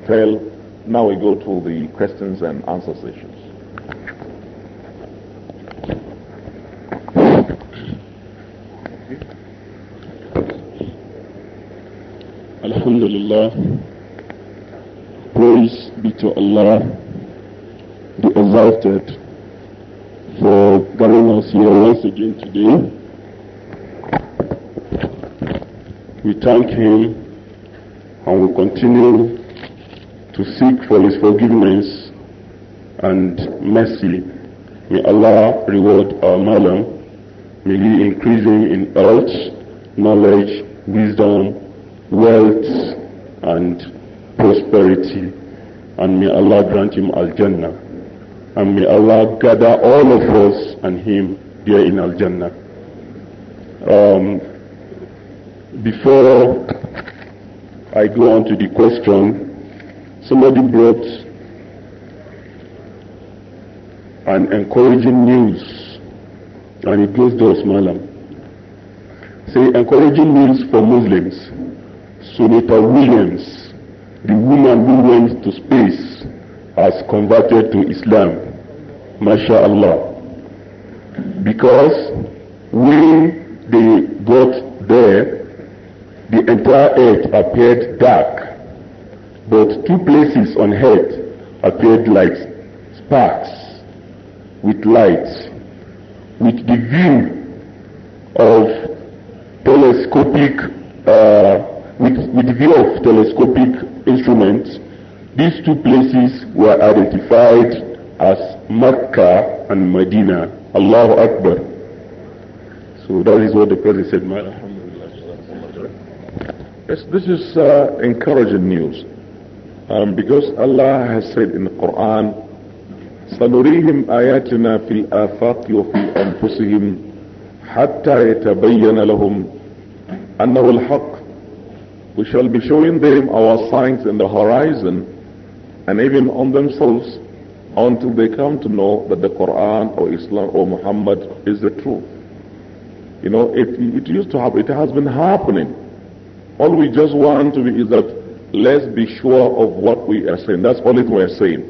tail. Now we go to the questions and answer sessions. Alhamdulillah. Praise be to Allah, the exalted, for gathering us here once again today. We thank Him and we continue to seek for His forgiveness and mercy. May Allah reward our Malam. May He increase him in health, knowledge, wisdom, wealth and prosperity. And may Allah grant him Al-Jannah. And may Allah gather all of us and him there in Al-Jannah. Um, before I go on to the question, somebody brought an encouraging news and it goes to us, Malam. Say, encouraging news for Muslims. Senator Williams, the woman who went to space, has converted to Islam. MashaAllah. Because when they got there, the entire earth appeared dark, but two places on earth appeared like sparks with lights. With the view of telescopic uh, with the view of telescopic instruments, these two places were identified as Mecca and Medina. Allahu Akbar. So that is what the Prophet said. Yes, this is uh, encouraging news um, because Allah has said in the Quran, سنريهم آياتنا في الآفاق وفي أنفسهم حتى يتبين لهم أنه الحق we shall be showing them our signs in the horizon and even on themselves until they come to know that the Quran or Islam or Muhammad is the truth. You know, it, it used to happen, it has been happening. All we just want to be is that let's be sure of what we are saying. That's all it we are saying.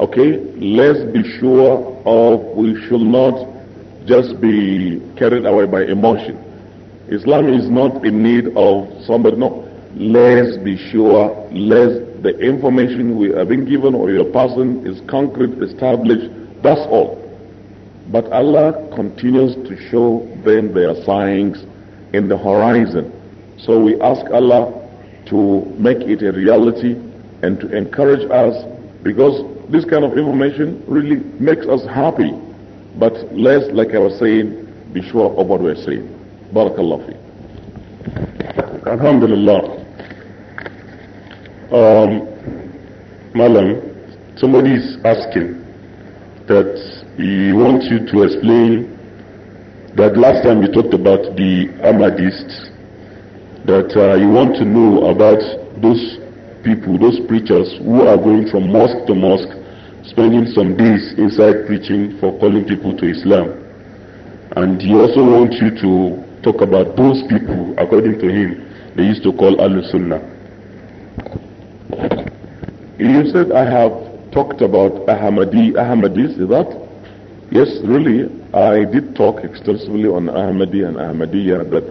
Okay? Let's be sure of we should not just be carried away by emotion. Islam is not in need of somebody. No let's be sure, let the information we have been given or your person is concrete, established, that's all. But Allah continues to show them their signs in the horizon. So we ask Allah to make it a reality and to encourage us because this kind of information really makes us happy. But let's, like I was saying, be sure of what we're saying. Barakallah fi. Alhamdulillah. Um, Malam, somebody is asking that he wants you to explain that last time you talked about the Ahmadists, that uh, you want to know about those people, those preachers who are going from mosque to mosque, spending some days inside preaching for calling people to Islam. And he also wants you to talk about those people, according to him, they used to call Al-Sunnah. You said I have talked about Ahmadi, Ahmadis, is that? Yes, really, I did talk extensively on Ahmadi and Ahmadiyya, but,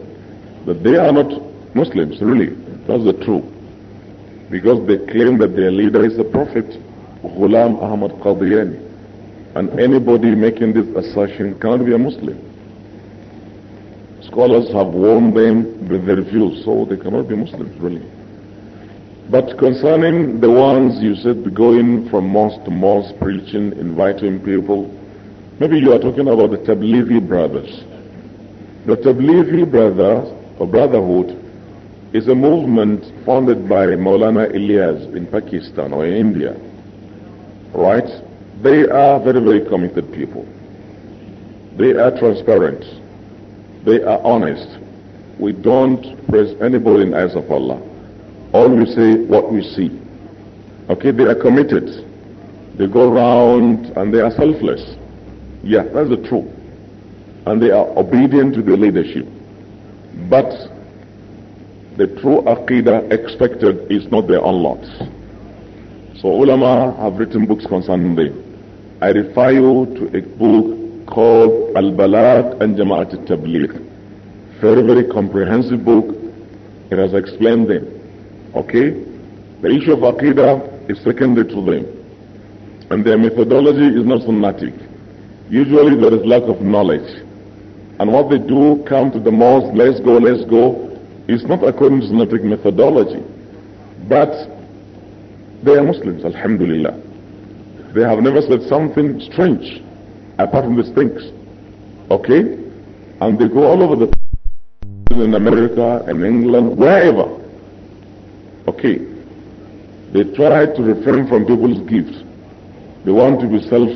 but they are not Muslims, really. That's the truth. Because they claim that their leader is the Prophet, Ghulam Ahmad Qadiani. And anybody making this assertion cannot be a Muslim. Scholars have warned them with their refuse, so they cannot be Muslims, really. But concerning the ones you said going from mosque to mosque preaching, inviting people, maybe you are talking about the Tablighi brothers. The Tablighi brothers or brotherhood is a movement founded by Maulana Ilyas in Pakistan or in India. Right? They are very, very committed people. They are transparent. They are honest. We don't praise anybody in eyes of Allah always say what we see. Okay, they are committed. They go around and they are selfless. Yeah, that's the truth. And they are obedient to the leadership. But the true aqidah expected is not their own lot. So ulama have written books concerning them. I refer you to a book called Al-Balad and Jama'at al-Tabligh. Very, very comprehensive book. It has explained them. Okay? The issue of Aqidah is secondary to them. And their methodology is not fanatic. Usually there is lack of knowledge. And what they do, come to the mosque, let's go, let's go, is not according to Sunnatic methodology. But they are Muslims, Alhamdulillah. They have never said something strange apart from these things. Okay? And they go all over the place in America in England, wherever. Okay. They try to refrain from people's gifts. They want to be self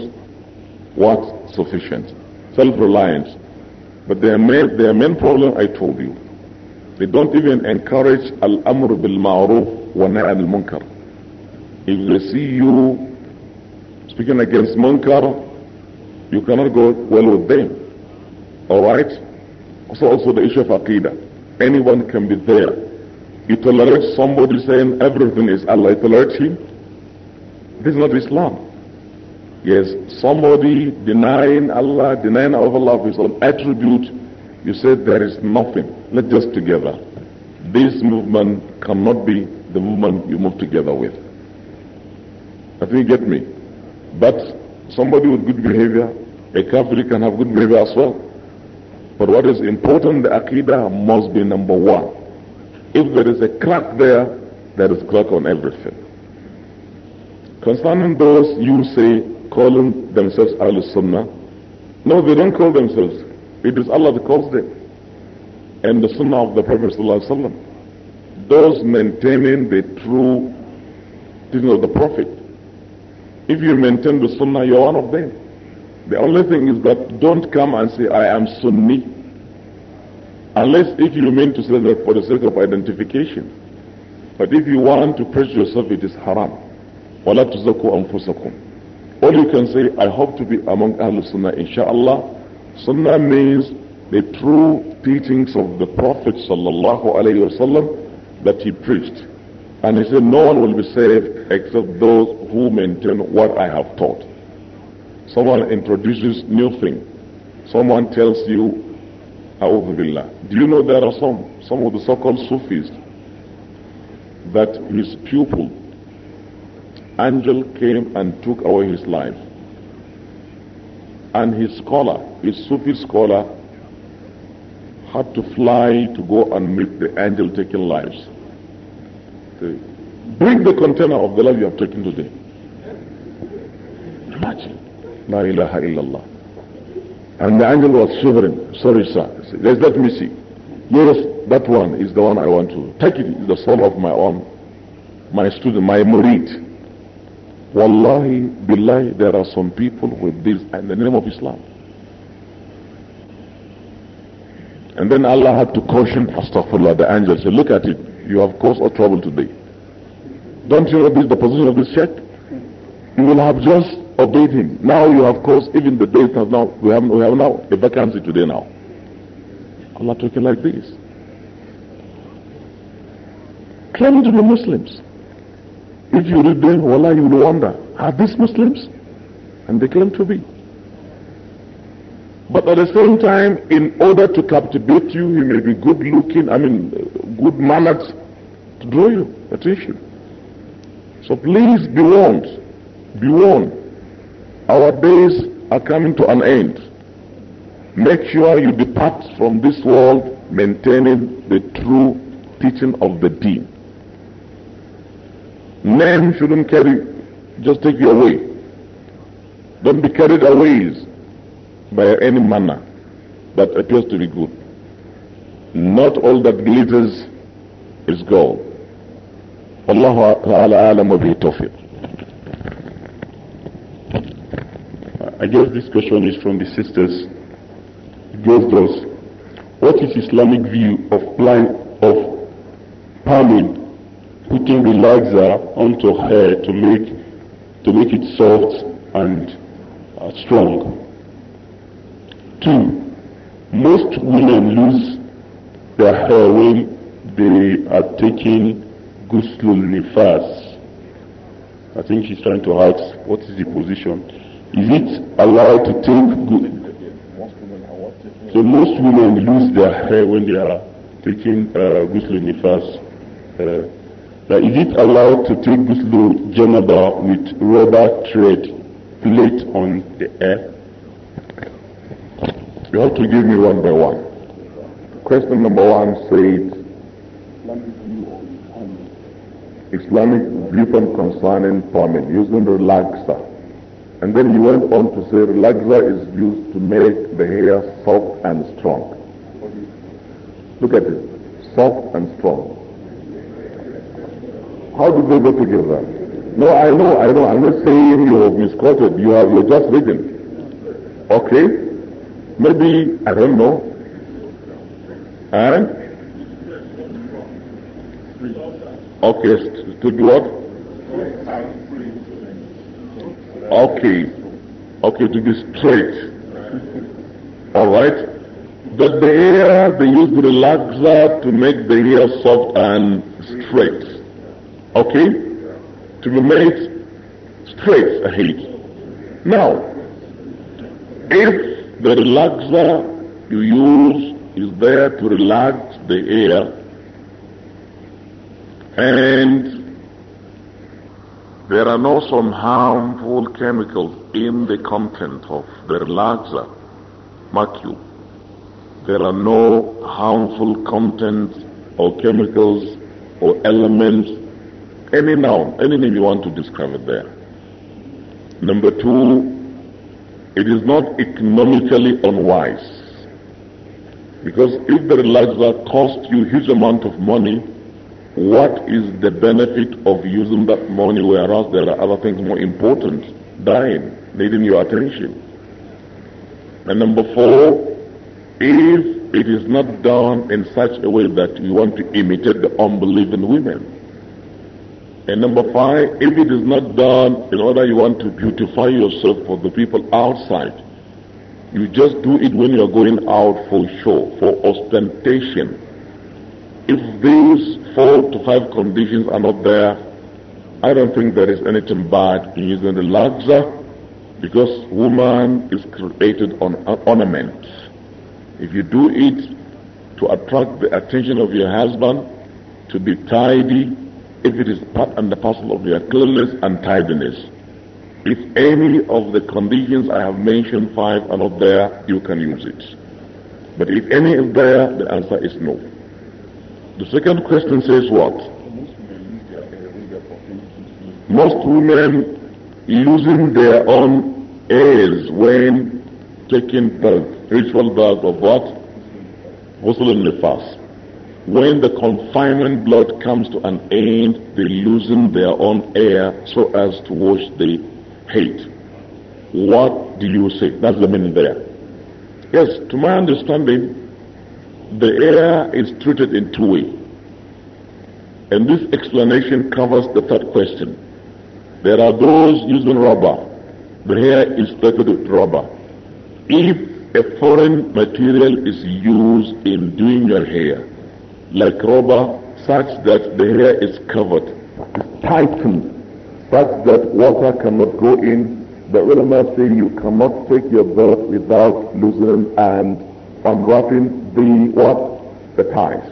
what sufficient, self reliant. But their main, their main problem, I told you, they don't even encourage al amr bil ma'ruf wa nahy al munkar. If they see you speaking against munkar, you cannot go well with them. All right. So also the issue of aqidah. Anyone can be there he tolerates somebody saying everything is Allah. He tolerates him. This is not Islam. Yes, somebody denying Allah, denying of Allah of attribute, you said there is nothing. Let's just together. This movement cannot be the movement you move together with. I think you get me. But somebody with good behavior, a Kafir can have good behavior as well. But what is important, the Aqidah must be number one. If there is a crack there, there is crack on everything. Concerning those you say calling themselves Al Sunnah, no, they don't call themselves. It is Allah that calls them. And the Sunnah of the Prophet ﷺ. Those maintaining the true teaching of the Prophet. If you maintain the Sunnah, you're one of them. The only thing is that don't come and say, I am Sunni. Unless if you mean to that for the sake of identification. But if you want to preach yourself, it is haram. وَلَا تُزَكُوا All you can say, I hope to be among Ahlul Sunnah, inshallah. Sunnah means the true teachings of the Prophet sallallahu alayhi wasallam that he preached. And he said, no one will be saved except those who maintain what I have taught. Someone introduces new thing. Someone tells you A'udhu Billah. Do you know there are some, some of the so-called Sufis, that his pupil, angel came and took away his life. And his scholar, his Sufi scholar, had to fly to go and meet the angel taking lives. bring the container of the life you have taken today. Imagine. La ilaha illallah. And the angel was shivering. Sorry, sir. Let's, let me see. Yes, that one is the one I want to take it. It's the soul of my own, my student, my murid. Wallahi, billahi, there are some people with this in the name of Islam. And then Allah had to caution Astaghfirullah, the angel, said, look at it, you have caused a trouble today. Don't you know this the position of this sect? You will have just obeyed him. Now you have caused even the date now we have we have now a vacancy today now. Allah took it like this. Claiming to be Muslims. If you read them, wallah, you will wonder, are these Muslims? And they claim to be. But at the same time, in order to captivate you, he may be good looking, I mean, good manners to draw your attention. So please be warned, be warned. Our days are coming to an end. Make sure you depart from this world maintaining the true teaching of the deen. Name shouldn't carry, just take you away. Don't be carried away by any manner that appears to be good. Not all that glitters is gold. والله تعالى أعلم التوفيق. I guess this question is from the sisters gave us. What is Islamic view of plan of palming, putting relaxer onto hair to make to make it soft and uh, strong? Two, most women lose their hair when they are taking guslul nifas. I think she's trying to ask what is the position. Is it allowed to take so most women lose their hair when they are taking uh, ghusl nifas. Uh, like is it allowed to take ghusl janaba with rubber thread plate on the hair? You have to give me one by one. Question number one says, Islamic on concerning women using relaxer. And then he went on to say relaxer is used to make the hair soft and strong. Look at it. Soft and strong. How did they go together? No, I know, I know. I'm not saying you have misquoted. You have you just written. Okay? Maybe, I don't know. And? Okay, to do what? Okay, okay, to be straight. All right? That the air they use the relaxer to make the hair soft and straight. Okay? To be made straight ahead. Now, if the relaxer you use is there to relax the hair and there are no some harmful chemicals in the content of the relaxer. Mark there are no harmful contents or chemicals or elements, any noun, anything you want to describe it there. Number two, it is not economically unwise. Because if the relaxer costs you huge amount of money, what is the benefit of using that money whereas there are other things more important dying, needing your attention? And number four, if it is not done in such a way that you want to imitate the unbelieving women. And number five, if it is not done in order you want to beautify yourself for the people outside, you just do it when you are going out for show, for ostentation. If these four to five conditions are not there, I don't think there is anything bad in using the relaxer because woman is created on ornament. If you do it to attract the attention of your husband, to be tidy, if it is part and parcel of your cleanliness and tidiness. If any of the conditions I have mentioned, five are not there, you can use it. But if any is there, the answer is no. The second question says what? Most women losing their own air when taking birth, ritual birth of what? Ghusl nifas. When the confinement blood comes to an end, they loosen their own air so as to wash the hate. What do you say? That's the meaning there. Yes, to my understanding, the air is treated in two ways. And this explanation covers the third question. There are those using rubber. The hair is treated with rubber. If a foreign material is used in doing your hair, like rubber, such that the hair is covered, tightened, such that water cannot go in, the ulama say you cannot take your bath without loosening and from dropping the what? The ties.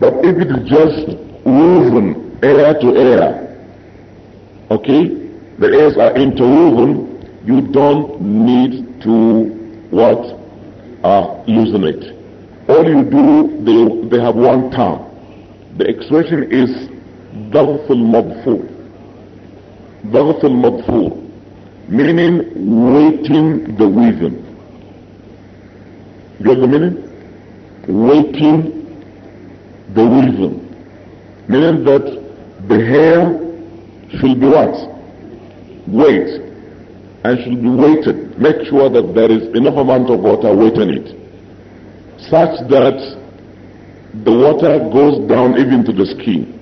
But if it is just woven air to air, okay, the airs are interwoven, you don't need to what? Uh, loosen it. All you do, they, they have one term. The expression is ضغط المضفور ضغط المضفور meaning waiting the weaving Get the meaning? Waiting the reason. Meaning that the hair should be what? Wait. And should be waited. Make sure that there is enough amount of water waiting it. Such that the water goes down even to the skin.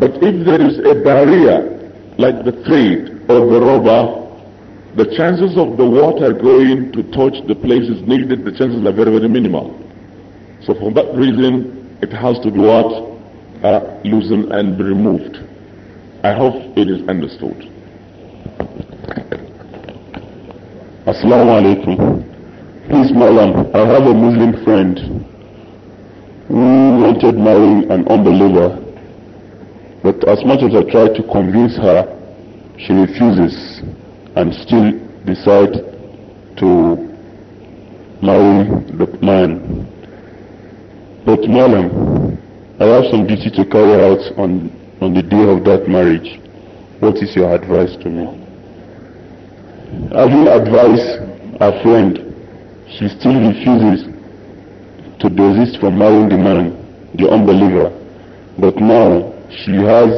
But if there is a barrier like the thread or the rubber the chances of the water going to touch the places needed, the chances are very, very minimal. So for that reason, it has to be what? Uh, loosened and removed. I hope it is understood. Assalamu alaikum. Please, Malam, I have a Muslim friend who wanted marrying an unbeliever, but as much as I try to convince her, she refuses and still decide to marry the man. But Malam, I have some duty to carry out on, on the day of that marriage. What is your advice to me? I will advise a friend. She still refuses to desist from marrying the man, the unbeliever. But now she has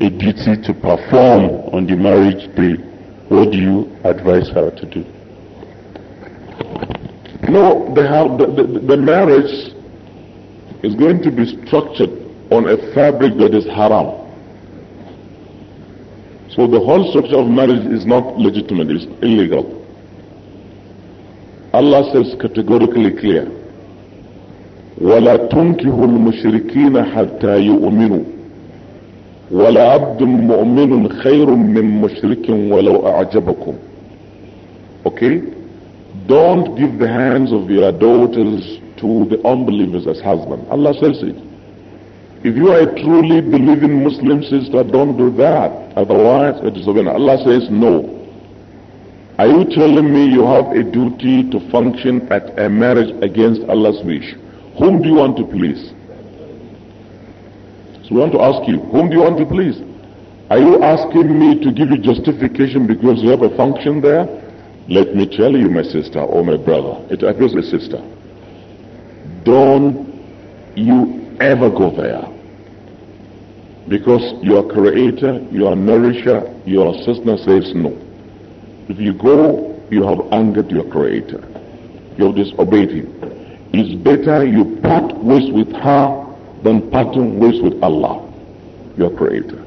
a duty to perform on the marriage day. What do you advise her to do? No, the, the, the marriage is going to be structured on a fabric that is haram. So the whole structure of marriage is not legitimate, it's illegal. Allah says categorically clear, وَلَا تُنْكِهُ الْمُشْرِكِينَ حَتَّى يُؤْمِنُوا ولعبد مؤمن خير من مشرك ولو أعجبكم okay don't give the hands of your daughters to the unbelievers as husband Allah says it if you are a truly believing Muslim sister don't do that otherwise it is forbidden. Allah says no are you telling me you have a duty to function at a marriage against Allah's wish whom do you want to please so we want to ask you, whom do you want to please? Are you asking me to give you justification because you have a function there? Let me tell you, my sister or oh, my brother, it appears a sister. Don't you ever go there. Because your creator, your nourisher, your sustainer says no. If you go, you have angered your creator. You have disobeyed him. It's better you part ways with her then parting ways with Allah, your creator.